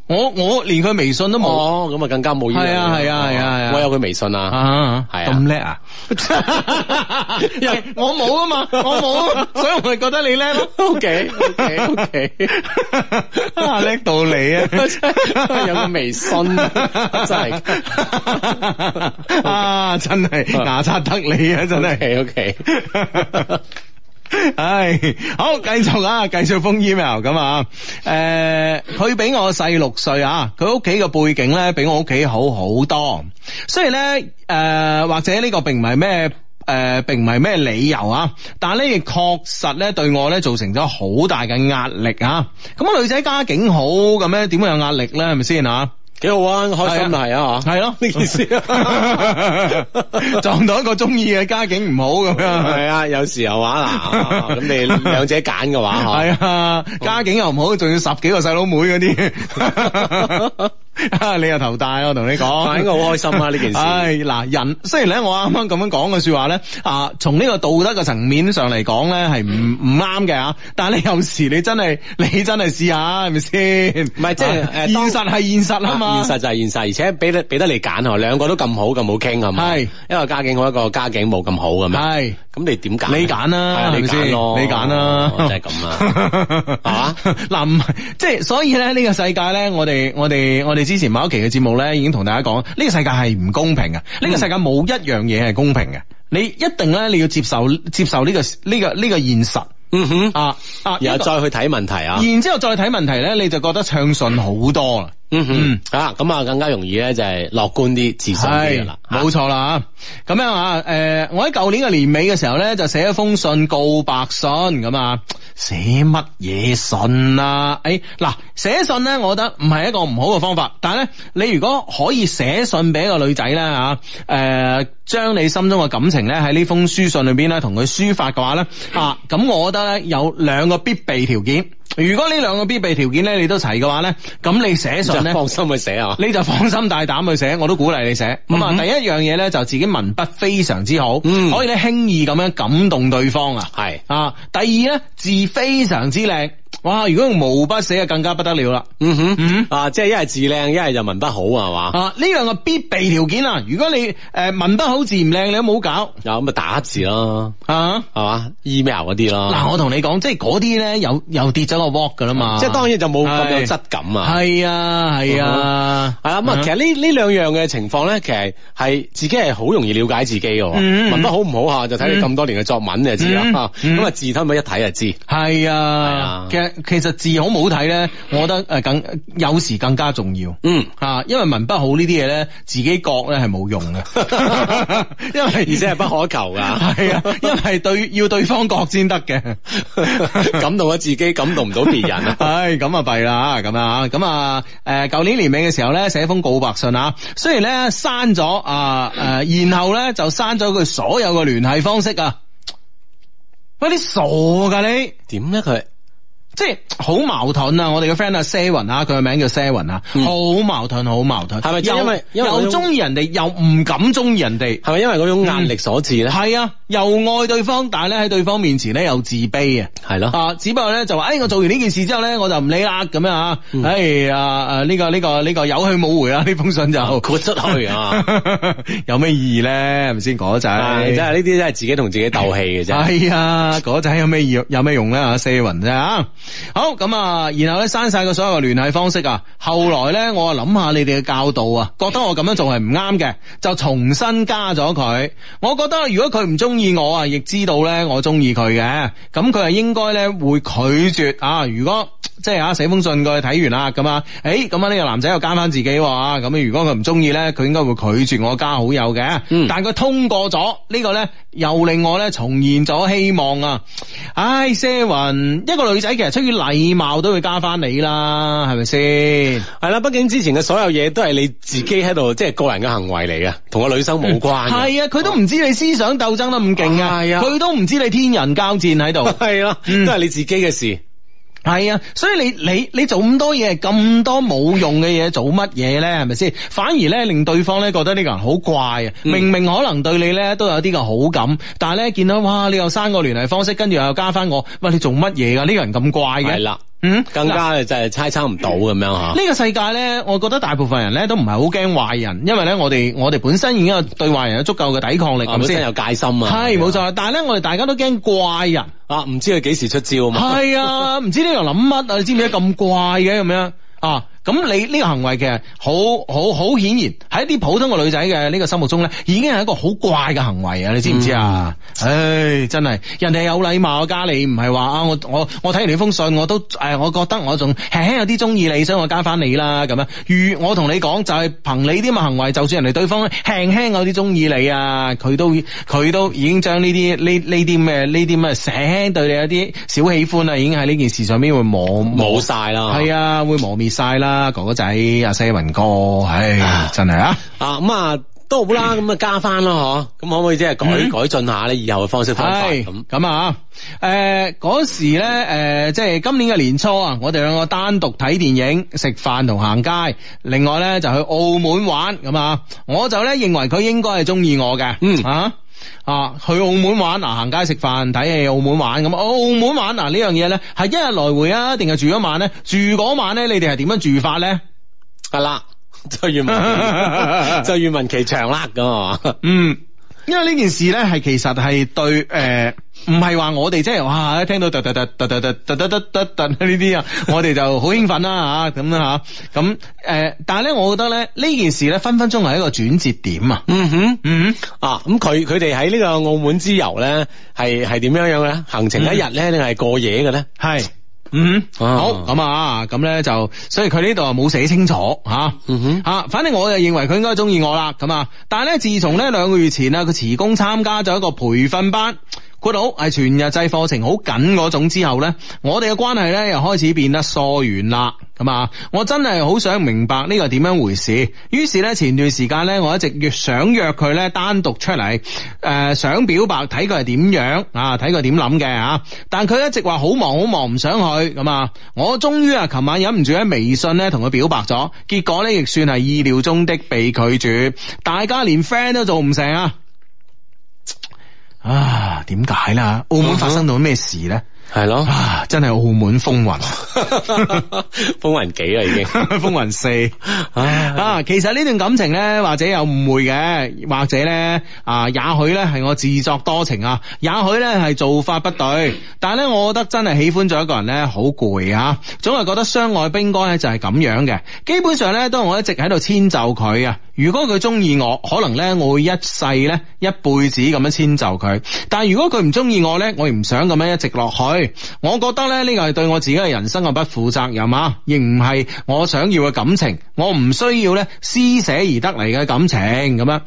我我連佢微信都冇，咁啊、哦、更加冇意思。係啊係啊係啊，我、啊啊哦哎、有佢微信啊，係啊咁叻啊！我冇啊嘛，我冇，所以我咪覺得你叻咯。O K O K O K，叻到你啊！ 有個微信真係啊，真係牙刷得你啊，真係 O K。 唉，好，繼續啊，繼續封 email 咁啊，誒、呃，佢比我細六歲啊，佢屋企個背景咧，比我屋企好好多，雖然咧，誒、呃，或者呢個並唔係咩，誒、呃，並唔係咩理由啊，但係咧，確實咧對我咧造成咗好大嘅壓力啊，咁啊，女仔家境好咁咧，點會有壓力咧？係咪先啊？幾好玩，開心係啊，係咯呢件事，撞到一個中意嘅家境唔好咁樣，係 啊，有時候話嗱、啊，咁 你兩者揀嘅話，係 啊，家境又唔好，仲要十幾個細佬妹嗰啲。 你又頭大，我同你講，應該好開心啊呢件事。唉，嗱，人雖然咧，我啱啱咁樣講嘅說話咧，啊，從呢個道德嘅層面上嚟講咧，係唔唔啱嘅啊。但係你有時你真係，你真係試下係咪先？唔係即係誒，現實係現實啊嘛，現實就係現實，而且俾得俾得你揀啊。兩個都咁好咁好傾係嘛，係，一個家境好，一個家境冇咁好咁樣，係。咁你點揀？你揀啊？係咪先？咯，你揀啦，真係咁啊，吓嗱，唔係即係所以咧，呢個世界咧，我哋我哋我哋。之前某一期嘅節目咧，已經同大家講，呢個世界係唔公平嘅。嗯、呢個世界冇一樣嘢係公平嘅，你一定咧，你要接受接受呢個呢個呢個現實。嗯哼啊啊，啊然後再去睇問題啊，然之後再睇問題咧，你就覺得暢順好多啦。嗯嗯，啊咁、嗯、啊，更加容易咧，就係樂觀啲，自信啲噶啦，冇錯啦，咁樣啊，誒、呃，我喺舊年嘅年尾嘅時候咧，就寫咗封信告白信，咁啊，寫乜嘢信啊？誒、哎，嗱，寫信咧，我覺得唔係一個唔好嘅方法，但係咧，你如果可以寫信俾一個女仔咧，啊，誒、呃，將你心中嘅感情咧，喺呢封書信裏邊咧，同佢抒發嘅話咧，啊，咁我覺得咧，有兩個必備條件。如果呢兩個必備條件呢，你都齊嘅話呢，咁你寫信咧，放心去寫啊，你就放心大膽去寫，我都鼓勵你寫。咁啊、嗯，第一樣嘢呢，就自己文筆非常之好，嗯，可以你輕易咁樣感動對方啊，係啊是。第二呢，字非常之靚。哇！如果用毛筆寫啊，更加不得了啦。嗯哼，啊，即係一係字靚，一係就文筆好啊，係嘛？啊，呢兩個必備條件啊。如果你誒文筆好字唔靚，你都冇搞。有咪打字咯，啊係嘛 email 嗰啲咯。嗱，我同你講，即係嗰啲咧，又又跌咗個鑊噶啦嘛。即係當然就冇咁有質感啊。係啊係啊係啦。咁啊，其實呢呢兩樣嘅情況咧，其實係自己係好容易了解自己嘅。文筆好唔好吓，就睇你咁多年嘅作文就知啦。咁啊字睇咪一睇就知。係啊係啊，其實字好唔好睇咧，我覺得誒，更有時更加重要。嗯啊，因為文筆好呢啲嘢咧，自己覺咧係冇用嘅， 因為而且係不可求噶。係啊， 因為對要對方覺先得嘅，感動咗自己感動唔到別人、 哎、啊。唉，咁啊弊啦咁啊，咁啊誒，舊年年尾嘅時候咧寫封告白信啊，雖然咧刪咗啊誒、啊，然後咧就刪咗佢所有嘅聯繫方式啊。喂，你傻噶你點咧？佢？即係好矛盾啊！我哋個 friend 啊，Seven 啊，佢個名叫 Seven 啊，好矛盾，好矛盾，係咪？因為又中意人哋，又唔敢中意人哋，係咪？因為嗰種壓力所致咧？係啊，又愛對方，但係咧喺對方面前咧又自卑啊，係咯啊，只不過咧就話，哎，我做完呢件事之後咧，我就唔理啦，咁樣啊，哎，啊，誒，呢個呢個呢個有去冇回啊，呢封信就豁出去啊，有咩意義咧？係咪先？嗰仔即係呢啲真係自己同自己鬥氣嘅啫，係啊，嗰仔有咩用？有咩用咧？Seven 啫啊！好咁啊，然後咧刪晒個所有嘅聯繫方式啊。後來呢，我啊諗下你哋嘅教導啊，覺得我咁樣做係唔啱嘅，就重新加咗佢。我覺得如果佢唔中意我啊，亦知道呢，我中意佢嘅，咁佢係應該呢，會拒絕啊。如果即係寫封信過去睇完啦咁啊，誒、哎，咁啊呢個男仔又加翻自己啊。咁如果佢唔中意呢，佢應該會拒絕我加好友嘅。嗯、但佢通過咗呢、這個呢，又令我呢，重現咗希望啊。唉、哎、，seven 一個女仔其實出於禮貌都會加翻你啦，係咪先？係啦，畢 竟之前嘅所有嘢都係你自己喺度，即係個人嘅行為嚟嘅，同個女生冇關嘅。係 啊，佢都唔知你思想鬥爭得咁勁啊，佢、啊啊、都唔知你天人交戰喺度。係 啊，都係你自己嘅事。係啊，所以你你你做咁多嘢，咁多冇用嘅嘢做乜嘢咧？係咪先？反而咧令對方咧覺得呢個人好怪啊。明明可能對你咧都有啲嘅好感，但係咧見到哇，你有三個聯繫方式，跟住又加翻我，喂，你做乜嘢啊？呢個人咁怪嘅係啦。嗯，更加就係猜測唔到咁樣吓。呢 個世界咧，我覺得大部分人咧都唔係好驚壞人，因為咧我哋我哋本身已經有對壞人有足夠嘅抵抗力，咁先有戒心啊。係冇是的錯，但係咧我哋大家都驚怪人啊，唔知佢幾時出招嘛啊。係啊，唔知呢度諗乜啊，你知唔知咁怪嘅咁樣啊？啊咁你呢個行為其實好好好顯然喺一啲普通嘅女仔嘅呢個心目中咧，已經係一個好怪嘅行為啊！你知唔知啊？唉、嗯哎，真係人哋有禮貌加你，唔係話啊！我我我睇完呢封信，我都誒、呃，我覺得我仲輕輕有啲中意你，所以我加返你啦咁樣。如我同你講，就係、是、憑你啲咁嘅行為，就算人哋對方輕輕有啲中意你啊，佢都佢都已經將呢啲呢呢啲咩呢啲咩輕輕對你有啲小喜歡啊，已經喺呢件事上面會磨磨晒啦，係啊，會磨滅晒啦。哥哥仔阿西文哥，唉，唉真係是啊啊咁啊都好啦，咁啊的加翻咯嗬，咁可唔可以即係改、嗯、改進下咧？以後嘅方式方法咁咁啊？誒、呃、嗰時咧誒、呃，即係今年嘅年初啊，我哋兩個單獨睇電影、食飯同行街，另外咧就去澳門玩咁啊！我就咧認為佢應該係中意我嘅，嗯啊。啊！去澳門玩嗱，行街食飯睇戲。澳門玩咁。澳門玩嗱呢樣嘢咧，係、啊、一日來回啊，定係住一晚咧？住嗰晚咧，你哋係點樣住法咧？係啦、啊，就願聞， 就願聞其詳啦，咁啊，嗯，因為呢件事咧，係其實係對誒。呃唔係話我哋即係哇，一聽到突突突突突突突突突呢啲啊，我哋就好興奮啦吓咁啊，咁誒，但係咧，我覺得咧呢件事咧分分鐘係一個轉折點啊。嗯哼，嗯啊，咁佢佢哋喺呢個澳門之遊咧係係點樣樣咧？行程一日咧定係過夜嘅咧？係嗯哼好咁啊，咁咧就所以佢呢度啊冇寫清楚吓，哼啊，反正我就認為佢應該中意我啦。咁啊，但係咧，自從咧兩個月前啦，佢辭工參加咗一個培訓班。佢老係全日制課程好緊嗰種，之後呢，我哋嘅關係呢又開始變得疏遠啦，咁啊，我真係好想明白呢個係點樣回事。於是呢，前段時間呢，我一直越想約佢咧單獨出嚟，誒、呃，想表白睇佢係點樣啊，睇佢點諗嘅啊，但佢一直話好忙好忙唔想去，咁啊，我終於啊，琴晚忍唔住喺微信呢同佢表白咗，結果呢，亦算係意料中的被拒絕，大家連 friend 都做唔成啊！啊，點解啦？澳門發生到咩事呢？係咯的、啊，真係澳門風雲， 風雲幾啦已經， 風雲四。啊，其實呢段感情呢，或者有誤會嘅，或者呢，啊，也許呢係我自作多情啊，也許呢係做法不對，但係呢，我覺得真係喜歡咗一個人呢，好攰啊，總係覺得相愛冰哥呢就係咁樣嘅，基本上呢，都係我一直喺度遷就佢啊。如果佢中意我，可能呢，我會一世呢，一輩子咁樣遷就佢。但如果佢唔中意我呢，我唔想咁樣一直落去。我覺得呢，呢個係對我自己嘅人生嘅不負責任啊，亦唔係我想要嘅感情。我唔需要呢，施捨而得嚟嘅感情咁樣。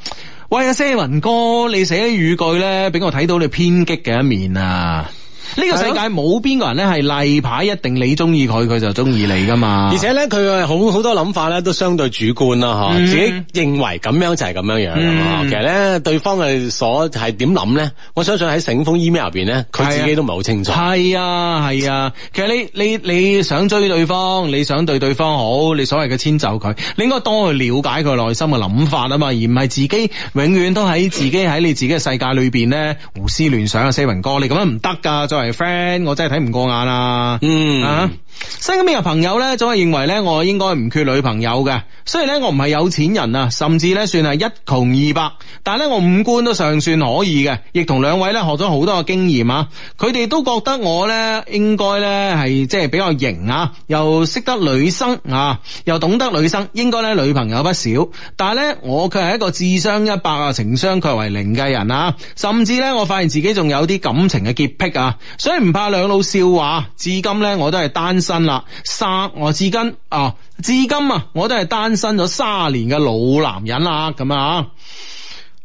喂，阿 Stephen 哥，你寫語句呢，俾我睇到你偏激嘅一面啊！呢個世界冇邊對個人咧係例牌，一定你中意佢，佢就中意你噶嘛？而且咧，佢係好好多諗法咧，都相對主觀啦，吓、嗯、自己認為咁樣就係咁樣樣。嗯、其實咧，對方嘅所係點諗咧？我相信喺醒風 email 入邊咧，佢自己都唔係好清楚。係啊，係啊,啊。其實你你你,你想追對方，你想對對方好，你所謂嘅遷就佢，你應該多去了解佢內心嘅諗法啊嘛，而唔係自己永遠都喺自己喺你自己嘅世界裏邊咧胡思亂想啊四文哥，你咁樣唔得噶。作為 friend，我真係睇唔過眼啦。嗯啊。身邊嘅朋友呢，總係認為呢，我應該唔缺女朋友嘅。雖然呢，我唔係有錢人啊，甚至呢算係一窮二白，但係呢，我五官都尚算可以嘅，亦同兩位呢，學咗好多嘅經驗啊。佢哋都覺得我呢，應該呢，係即係比較型啊，又識得女生啊，又懂得女生，應該呢，女朋友不少。但係呢，我卻係一個智商一百啊，情商卻為零嘅人啊，甚至呢，我發現自己仲有啲感情嘅潔癖啊，所以唔怕兩老笑話。至今呢，我都係單身啦，殺我至今啊，至今啊，我都係單身咗三十年嘅老男人啦，咁啊。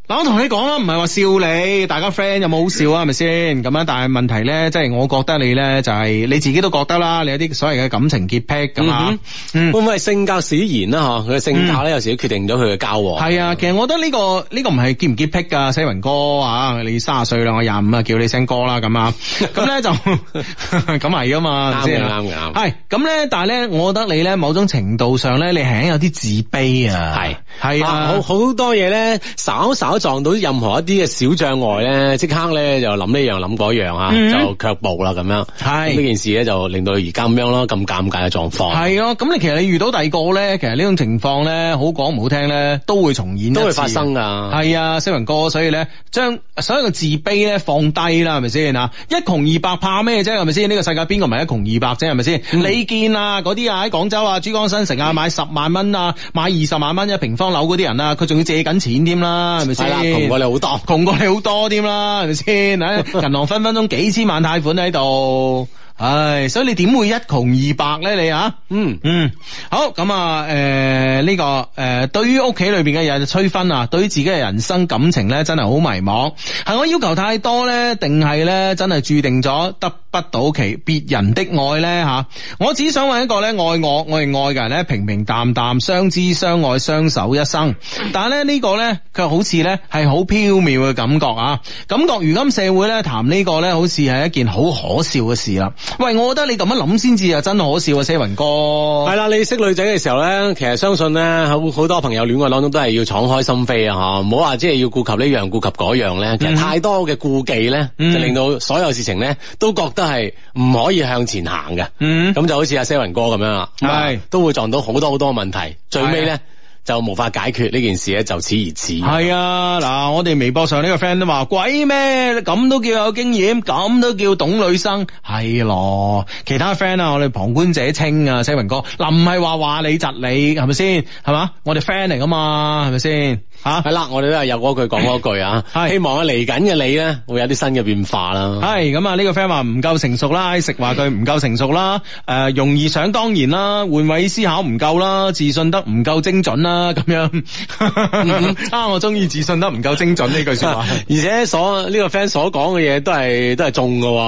嗱，我同你講啦，唔係話笑你，大家 friend 有冇好笑啊？係咪先咁啊？但係問題咧，即係我覺得你咧就係你自己都覺得啦，你有啲所謂嘅感情潔癖咁啊？會唔會係性格使然啦？吓，佢嘅性格咧有時都決定咗佢嘅交往。係啊，其實我覺得呢個呢個唔係潔唔潔癖噶，西雲哥啊，你三十歲啦，我廿五啊，叫你聲哥啦咁啊，咁咧就咁係噶嘛，係咪先？啱啱啱。係咁咧，但係咧，我覺得你咧某種程度上咧，你係有啲自卑啊。係係啊，好好多嘢咧，稍稍。撞到任何一啲嘅小障礙咧，即刻咧就諗呢樣諗嗰樣啊，就卻步啦咁樣。係呢件事咧就令到而家咁樣咯，咁尷尬嘅狀況。係啊。咁你其實你遇到第二個咧，其實呢種情況咧，好講唔好聽咧，都會重演，都會發生啊。係啊，小明哥，所以咧將所有嘅自卑咧放低啦，係咪先啊？一窮二白怕咩啫？係咪先？呢、這個世界邊個唔係一窮二白啫？係咪先？嗯、你見啊嗰啲啊喺廣州啊珠江新城啊買十萬蚊啊買二十萬蚊一、啊、平方樓嗰啲人啊，佢仲要借緊錢添啦，係咪先？窮過你好多，窮過你好多添啦，係咪先啊？銀行 分分鐘幾千萬貸款喺度。唉，所以你點會一窮二白呢？你啊，嗯嗯，好咁啊，誒、呃、呢、這個誒、呃，對於屋企裏邊嘅人催婚啊，對於自己嘅人生感情呢，真係好迷茫。係我要求太多呢，定係呢？真係注定咗得不到其別人的愛呢？吓、啊？我只想揾一個呢愛我，我亦愛嘅人呢，平平淡淡相知相愛相守一生。但係呢，呢、這個呢，卻好似呢，係好縹緲嘅感覺啊！感覺如今社會呢，談呢個呢，好似係一件好可笑嘅事啦。喂，我覺得你咁樣諗先至啊，真可笑啊，星雲哥。係啦，你識女仔嘅時候咧，其實相信咧，好好多朋友戀愛當中都係要敞開心扉啊，吓，唔好話即係要顧及呢樣顧及嗰樣咧。其實太多嘅顧忌咧，就令到所有事情咧都覺得係唔可以向前行嘅。嗯，咁就好似阿星雲哥咁樣啊，係是都會撞到好多好多問題，最尾咧。就無法解決呢件事咧，就此而止。係啊，嗱，我哋微博上呢個 friend 都話，鬼咩？咁都叫有經驗，咁都叫懂女生，係咯？其他 friend 啊，我哋旁觀者清啊，西雲哥，嗱、啊，唔係話話你窒你，係咪先？係嘛？我哋 friend 嚟噶嘛，係咪先？吓係啦，我哋都係有嗰句講嗰句啊，係希望咧嚟緊嘅你咧會有啲新嘅變化啦。係咁啊，呢個 friend 話唔夠成熟啦，食話佢唔夠成熟啦，誒，容易想當然啦，換位思考唔夠啦，自信得唔夠精準啦，咁樣啊，我中意自信得唔夠精準呢句說話。而且所呢個 friend 所講嘅嘢都係都係中嘅，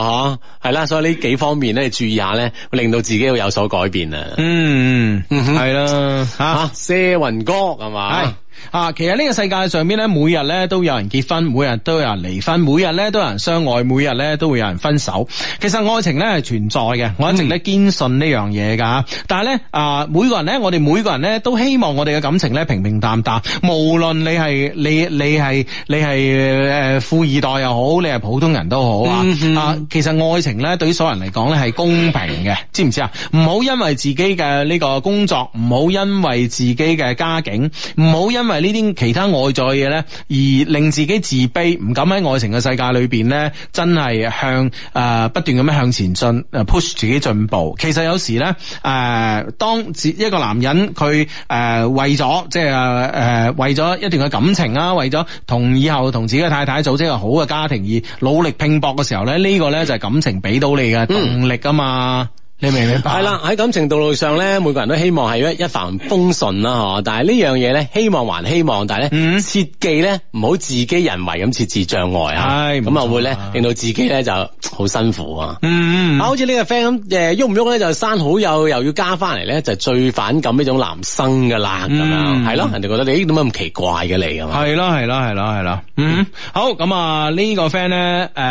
吓係啦，所以呢幾方面咧注意下咧，會令到自己會有所改變啊。嗯嗯，係啦，吓謝云哥係嘛。啊，其實呢個世界上邊咧，每日咧都有人結婚，每日都有人離婚，每日咧都有人相愛，每日咧都會有人分手。其實愛情咧係存在嘅，我一直咧堅信呢樣嘢噶。但係咧啊，每個人咧，我哋每個人咧都希望我哋嘅感情咧平平淡淡。無論你係你你係你係誒富二代又好，你係普通人都好啊。嗯、哼啊，其實愛情咧對於所有人嚟講咧係公平嘅，知唔知啊？唔好因為自己嘅呢個工作，唔好因為自己嘅家境，唔好因。因為呢啲其他外在嘢呢，而令自己自卑，唔敢喺愛情嘅世界裏邊呢，真係向誒、呃、不斷咁樣向前進，push 自己進步。其實有時呢，誒、呃，當一個男人佢誒、呃、為咗即係誒、呃、為咗一段嘅感情啊，為咗同以後同自己嘅太太組織個好嘅家庭而努力拼搏嘅時候呢，呢、呢個呢，就係感情俾到你嘅動力吖嘛。嗯你明唔明白？係啦，喺感情道路上咧，每個人都希望係一一帆風順啦，嗬！但係呢樣嘢咧，希望還希望，但係咧，嗯、切記咧唔好自己人為咁設置障礙啊！係，咁啊會咧令到自己咧就好辛苦啊、嗯！嗯，好似呢個 friend 咁，誒喐唔喐咧就刪好友，又要加翻嚟咧，就是、最反感呢種男生噶啦咁樣，係咯、嗯，人哋覺得你點解咁奇怪嘅你啊？係啦，係啦，係啦，係啦。嗯，嗯好咁啊，個呢、呃呢個 friend 咧，誒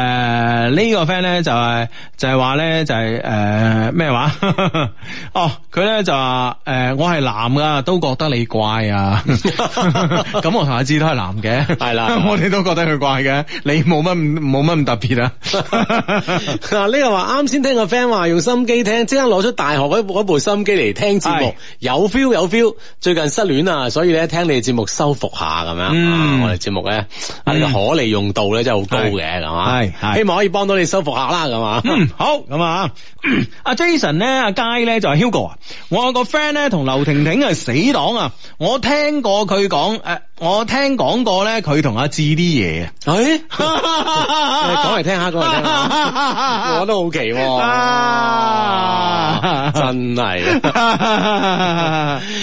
呢個 friend 咧就係、是、就係話咧就係誒。咩話？哦，佢咧就話誒，我係男噶，都覺得你怪啊。咁我頭先都係男嘅，係啦，我哋都覺得佢怪嘅。你冇乜冇乜咁特別啊。嗱，呢個話啱先聽個 friend 話用收音機聽，即刻攞出大學嗰部收音機嚟聽節目，有 feel 有 feel。最近失戀啊，所以咧聽你節目修復下咁樣。我哋節目咧啊呢個可利用度咧真係好高嘅，係嘛？係希望可以幫到你修復下啦，咁啊。好咁啊，阿 Jason 咧，阿佳咧就話 Hugo 啊，我有個 friend 咧同劉婷婷係死黨啊。我聽過佢講，誒、呃，我聽講過咧，佢同阿志啲嘢啊。誒， 講嚟聽下，講嚟聽下，我都好奇，喔，啊啊、真係。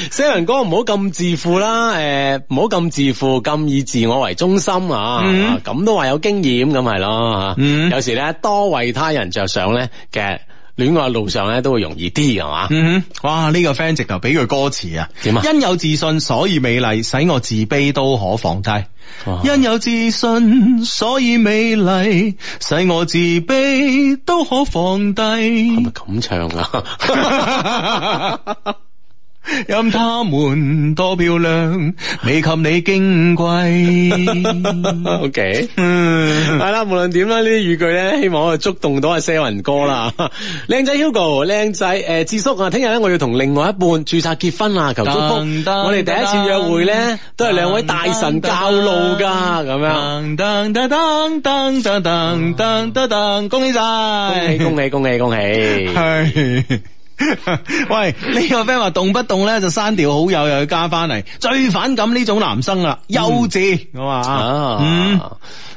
Siren 哥唔好咁自負啦，誒，唔好咁自負，咁以自我為中心，嗯、啊，咁都話有經驗咁係咯吓。就是嗯，有時咧多為他人着想咧，嘅。戀愛路上咧都會容易啲嘅嘛，嗯哼，哇呢個 friend 直頭俾佢歌詞啊，點啊樣？因有自信所以美麗，使我自卑都可放低。哇因有自信所以美麗，使我自卑都可放低。係咪咁唱啊？ 任他們多漂亮，未及你矜貴。OK，嗯，係啦，無論點啦，呢啲語句咧，希望我哋觸動到阿謝雲哥啦。靚仔 Hugo，靚仔，誒，智叔啊，聽日咧我要同另外一半注冊結婚啦，求祝福。我哋第一次約會咧，都係兩位大神教路噶，咁樣。噔噔噔噔噔噔噔噔，恭喜晒！恭喜恭喜恭喜恭喜。喂，呢個 friend 話動不動咧就刪掉好友又要加翻嚟，最反感呢種男生啦，幼稚咁啊，嗯，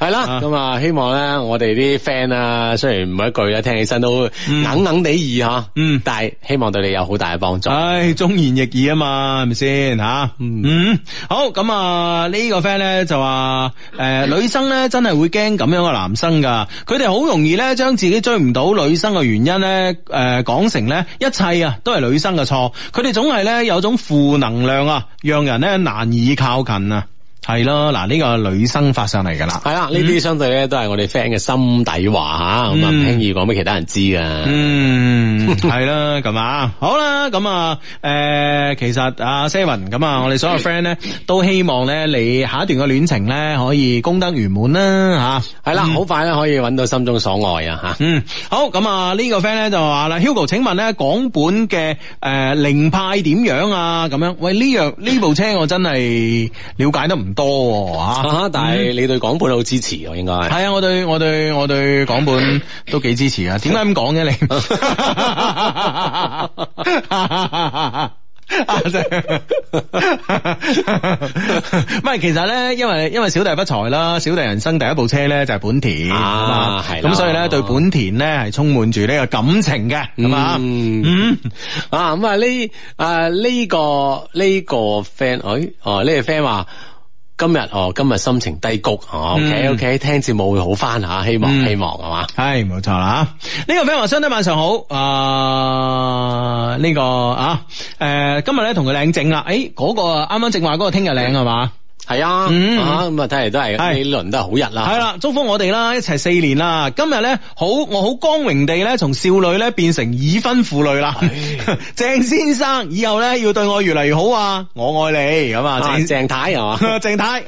係啦，咁啊，希望咧我哋啲 friend 啊，雖然唔係一句咧聽起身都硬硬地意吓，嗯，但係希望對你有好大嘅幫助。唉，忠言逆耳啊嘛，係咪先吓？嗯，好，咁啊，呢個 friend 咧就話，誒，女生咧真係會驚咁樣嘅男生噶，佢哋好容易咧將自己追唔到女生嘅原因咧，誒，講成咧一。一切啊，都係女生嘅錯，佢哋總係咧有種負能量啊，讓人咧難以靠近啊。係咯，嗱，呢個女生發上嚟噶啦，係啦，呢啲相對咧都係我哋 friend 嘅心底話吓，咁啊唔輕易講俾其他人知噶。嗯，係啦，咁啊，好啦，咁啊，誒，其實阿 Seven，咁啊，我哋所有 friend 咧都希望咧你下一段嘅戀情咧可以功德圓滿啦，吓，係啦，好快咧可以搵到心中所愛啊，吓。嗯，好，咁啊呢個 friend 咧就話啦，Hugo，請問咧港本嘅誒凌派點樣啊？咁樣，喂，呢樣，呢部車我真係了解得唔？多吓，但係你對港本好支持啊。應該係，係啊，我對我對我對港本都幾支持啊。點解咁講嘅你？唔係其實咧，因為因為小弟不才啦，小弟人生第一部車咧就係本田，係咁，所以咧對本田咧係充滿住呢個感情嘅，咁啊，嗯啊，咁啊呢啊呢個呢個 friend，誒哦呢個 friend 話。今日哦，今日心情低谷哦、嗯啊、，OK OK，聽節目會好翻吓，希望、嗯、希望係嘛？係冇錯啦，呢個 friend 話 Sunday 晚上好，啊呢個啊，誒、啊啊，今日咧同佢領證啦，誒，嗰、哎那個啊，啱啱正話嗰、那個聽日領係嘛？係啊，咁啊，睇嚟都係呢輪都係好日啦。係啦，祝福我哋啦，一齊四年啦。今日咧，好我好光榮地咧，從少女咧變成已婚婦女啦。鄭先生，以後咧要對我越嚟越好啊，我愛你咁啊，鄭鄭太係嘛，鄭太，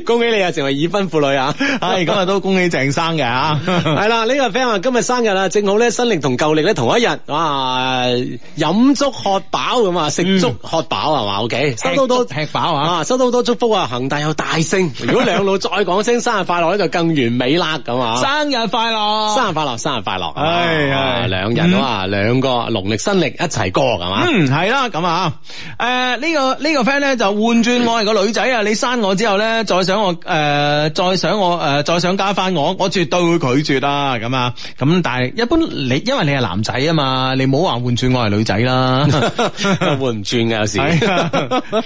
恭喜你啊，成為已婚婦女啊。係咁啊，都恭喜鄭生嘅啊。係啦，呢個 friend 今日生日啊，正好咧新曆同舊曆咧同一日，哇，飲足喝飽咁啊，食足喝飽係嘛，OK，收到都吃飽啊。收到好多祝福啊！恒大又大升，如果兩路再講聲生日快樂咧，就更完美啦咁啊！生日快樂，生日快樂，生日快樂！哎呀，兩人啊，兩個農曆新歷一齊過咁嘛？嗯，係啦咁啊！誒，呢個呢個 friend 咧就換轉我係個女仔啊！你刪我之後咧，再想我誒，再想我誒，再想加翻我，我絕對會拒絕啦！咁啊，咁但係一般你因為你係男仔啊嘛，你唔好話換轉我係女仔啦，換唔轉嘅有時，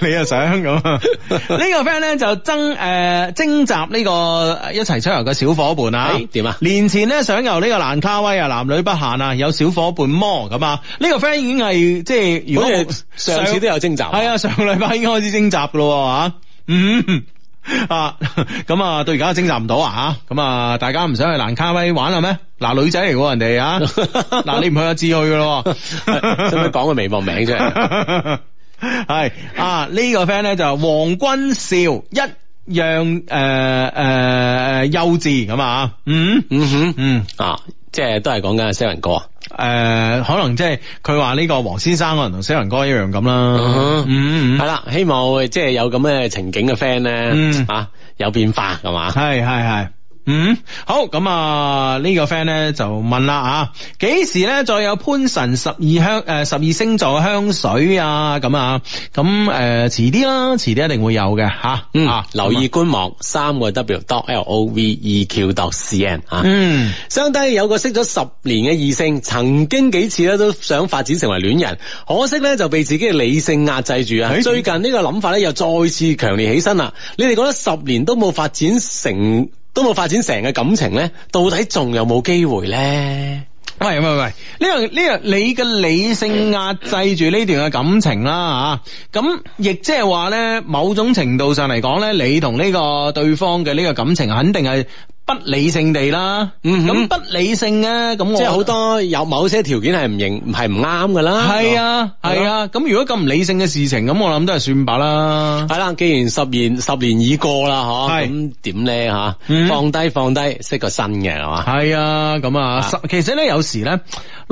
你又想咁 個呢個 friend 咧就爭誒、呃、徵集呢個一齊出遊嘅小夥伴啊？點啊？年前咧想遊呢個蘭卡威啊，男女不限啊，有小夥伴摩咁啊？呢、這個 friend 已經係即係如果上，上次都有徵集，係啊，上個禮拜已經開始徵集咯。吓、啊，嗯 啊，咁啊到而家都徵集唔到啊，吓、啊，咁啊大家唔想去蘭卡威玩啦咩？嗱女仔嚟嘅人哋啊，嗱、啊啊 啊、你唔去我自去噶咯，使唔使講個微博名啫。係 啊，這個、呢個 friend 咧就係、是、黃君少一樣誒誒誒，幼稚咁啊，嗯嗯哼嗯啊，即係都係講緊錫倫哥啊，誒、呃呃呃呃，可能即係佢話呢個黃先生可能同錫倫哥一樣咁啦，嗯嗯，係、呃、啦、 啊，希望即係、呃呃 就是、有咁嘅情景嘅 friend 咧，啊、呃呃呃、有變化係嘛，係係係。 嗯，好咁啊。呢、這個 friend 咧就問啦啊，幾時咧再有潘神十二香誒、呃，十二星座香水啊？咁啊、咁、啊、誒，遲啲啦，遲啲一定會有嘅吓。啊、嗯、啊，留意官網三個 w dot l o v e q dot c n 啊。嗯，相低有個識咗十年嘅異性，曾經幾次咧都想發展成為戀人，可惜咧就被自己嘅理性壓制住啊。最近呢個諗法咧又再次強烈起身啦。你哋覺得十年都冇發展成？都冇發展成嘅感情咧，到底仲有冇機會咧？喂喂喂，呢個呢個你嘅理性壓制住呢段嘅感情啦吓咁，亦即係話咧，某種程度上嚟講咧，你同呢個對方嘅呢個感情肯定係。不理性地啦，咁、嗯、哼不理性啊，咁即係好多有某些條件係唔認，係唔啱噶啦。係啊，係啊，咁、啊啊、如果咁唔理性嘅事情，咁我諗都係算罷啦。係啦，嗯哼，既然十年十年已過啦，吓是，咁點咧吓？放低放低，識個新嘅係嘛？係啊，咁啊，啊，十其實咧有時咧。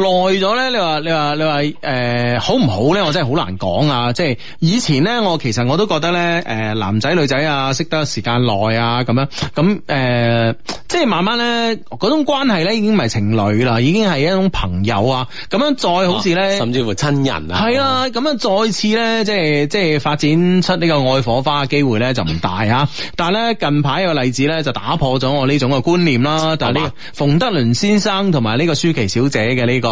耐咗咧，你話你話你話誒、呃，好唔好咧？我真係好難講啊！即係以前咧，我其實我都覺得咧，誒、呃，男仔女仔啊，識得時間耐啊，咁樣咁誒、呃，即係慢慢咧，嗰種關係咧已經唔係情侶啦，已經係一種朋友啊，咁樣再好似咧、哦，甚至乎親人啊，係啊，咁樣再次咧，即係即係發展出呢個愛火花嘅機會咧就唔大吓、啊。但係咧近排有個例子咧就打破咗我呢種嘅觀念啦。但係呢、哦，馮德倫先生同埋呢個舒淇小姐嘅呢、呢個。誒，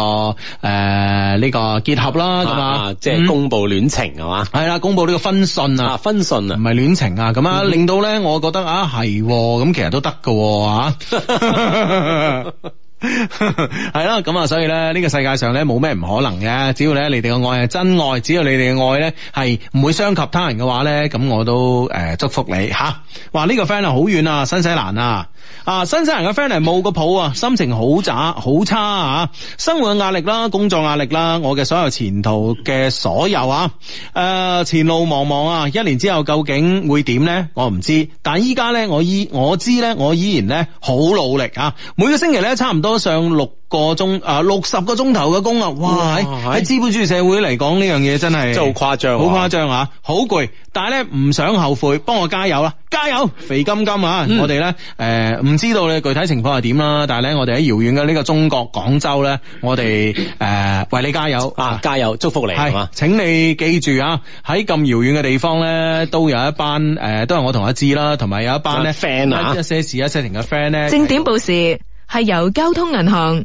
呢個結合啦，咁啊，即係公布戀情係嘛？係啦、嗯，嗯、公布呢個婚訊啊，婚訊啊，唔係戀情啊，咁啊，令到咧，我覺得啊係咁、啊，其實都得噶，係、啊、啦，咁 啊， 所以咧，呢、這個世界上咧冇咩唔可能嘅，只要咧你哋嘅愛係真愛，只要你哋嘅愛咧係唔會傷及他人嘅話咧，咁我都誒、呃、祝福你吓。話呢個 friend 啊，好 遠啊，新西蘭啊。啊，新西蘭嘅 friend 冇個抱啊，心情好渣好差，差啊，生活嘅壓力啦，工作壓力啦，我嘅所有前途嘅所有啊，誒，前路茫茫啊，一年之後究竟會點咧？我唔知，但依家咧，我依我知咧，我依然咧好努力啊，每個星期咧差唔多上六個鐘啊，六十個鐘頭嘅工啊，哇，喺喺資本主義社會嚟講，呢樣嘢真係真好誇張，好誇張啊，好攰，但係咧，唔想後悔，幫我加油啦，加油，肥金金啊，我哋咧，誒，唔知道你具體情況係點啦，但係咧，我哋喺遙遠嘅呢個中國廣州咧，我哋誒為你加油啊，加油，祝福你係嘛，請你記住啊，喺咁遙遠嘅地方咧，都有一班誒都係我同阿志啦，同埋有一班咧 friend 啊，一些事一些情嘅 friend 咧。正點報時係由交通銀行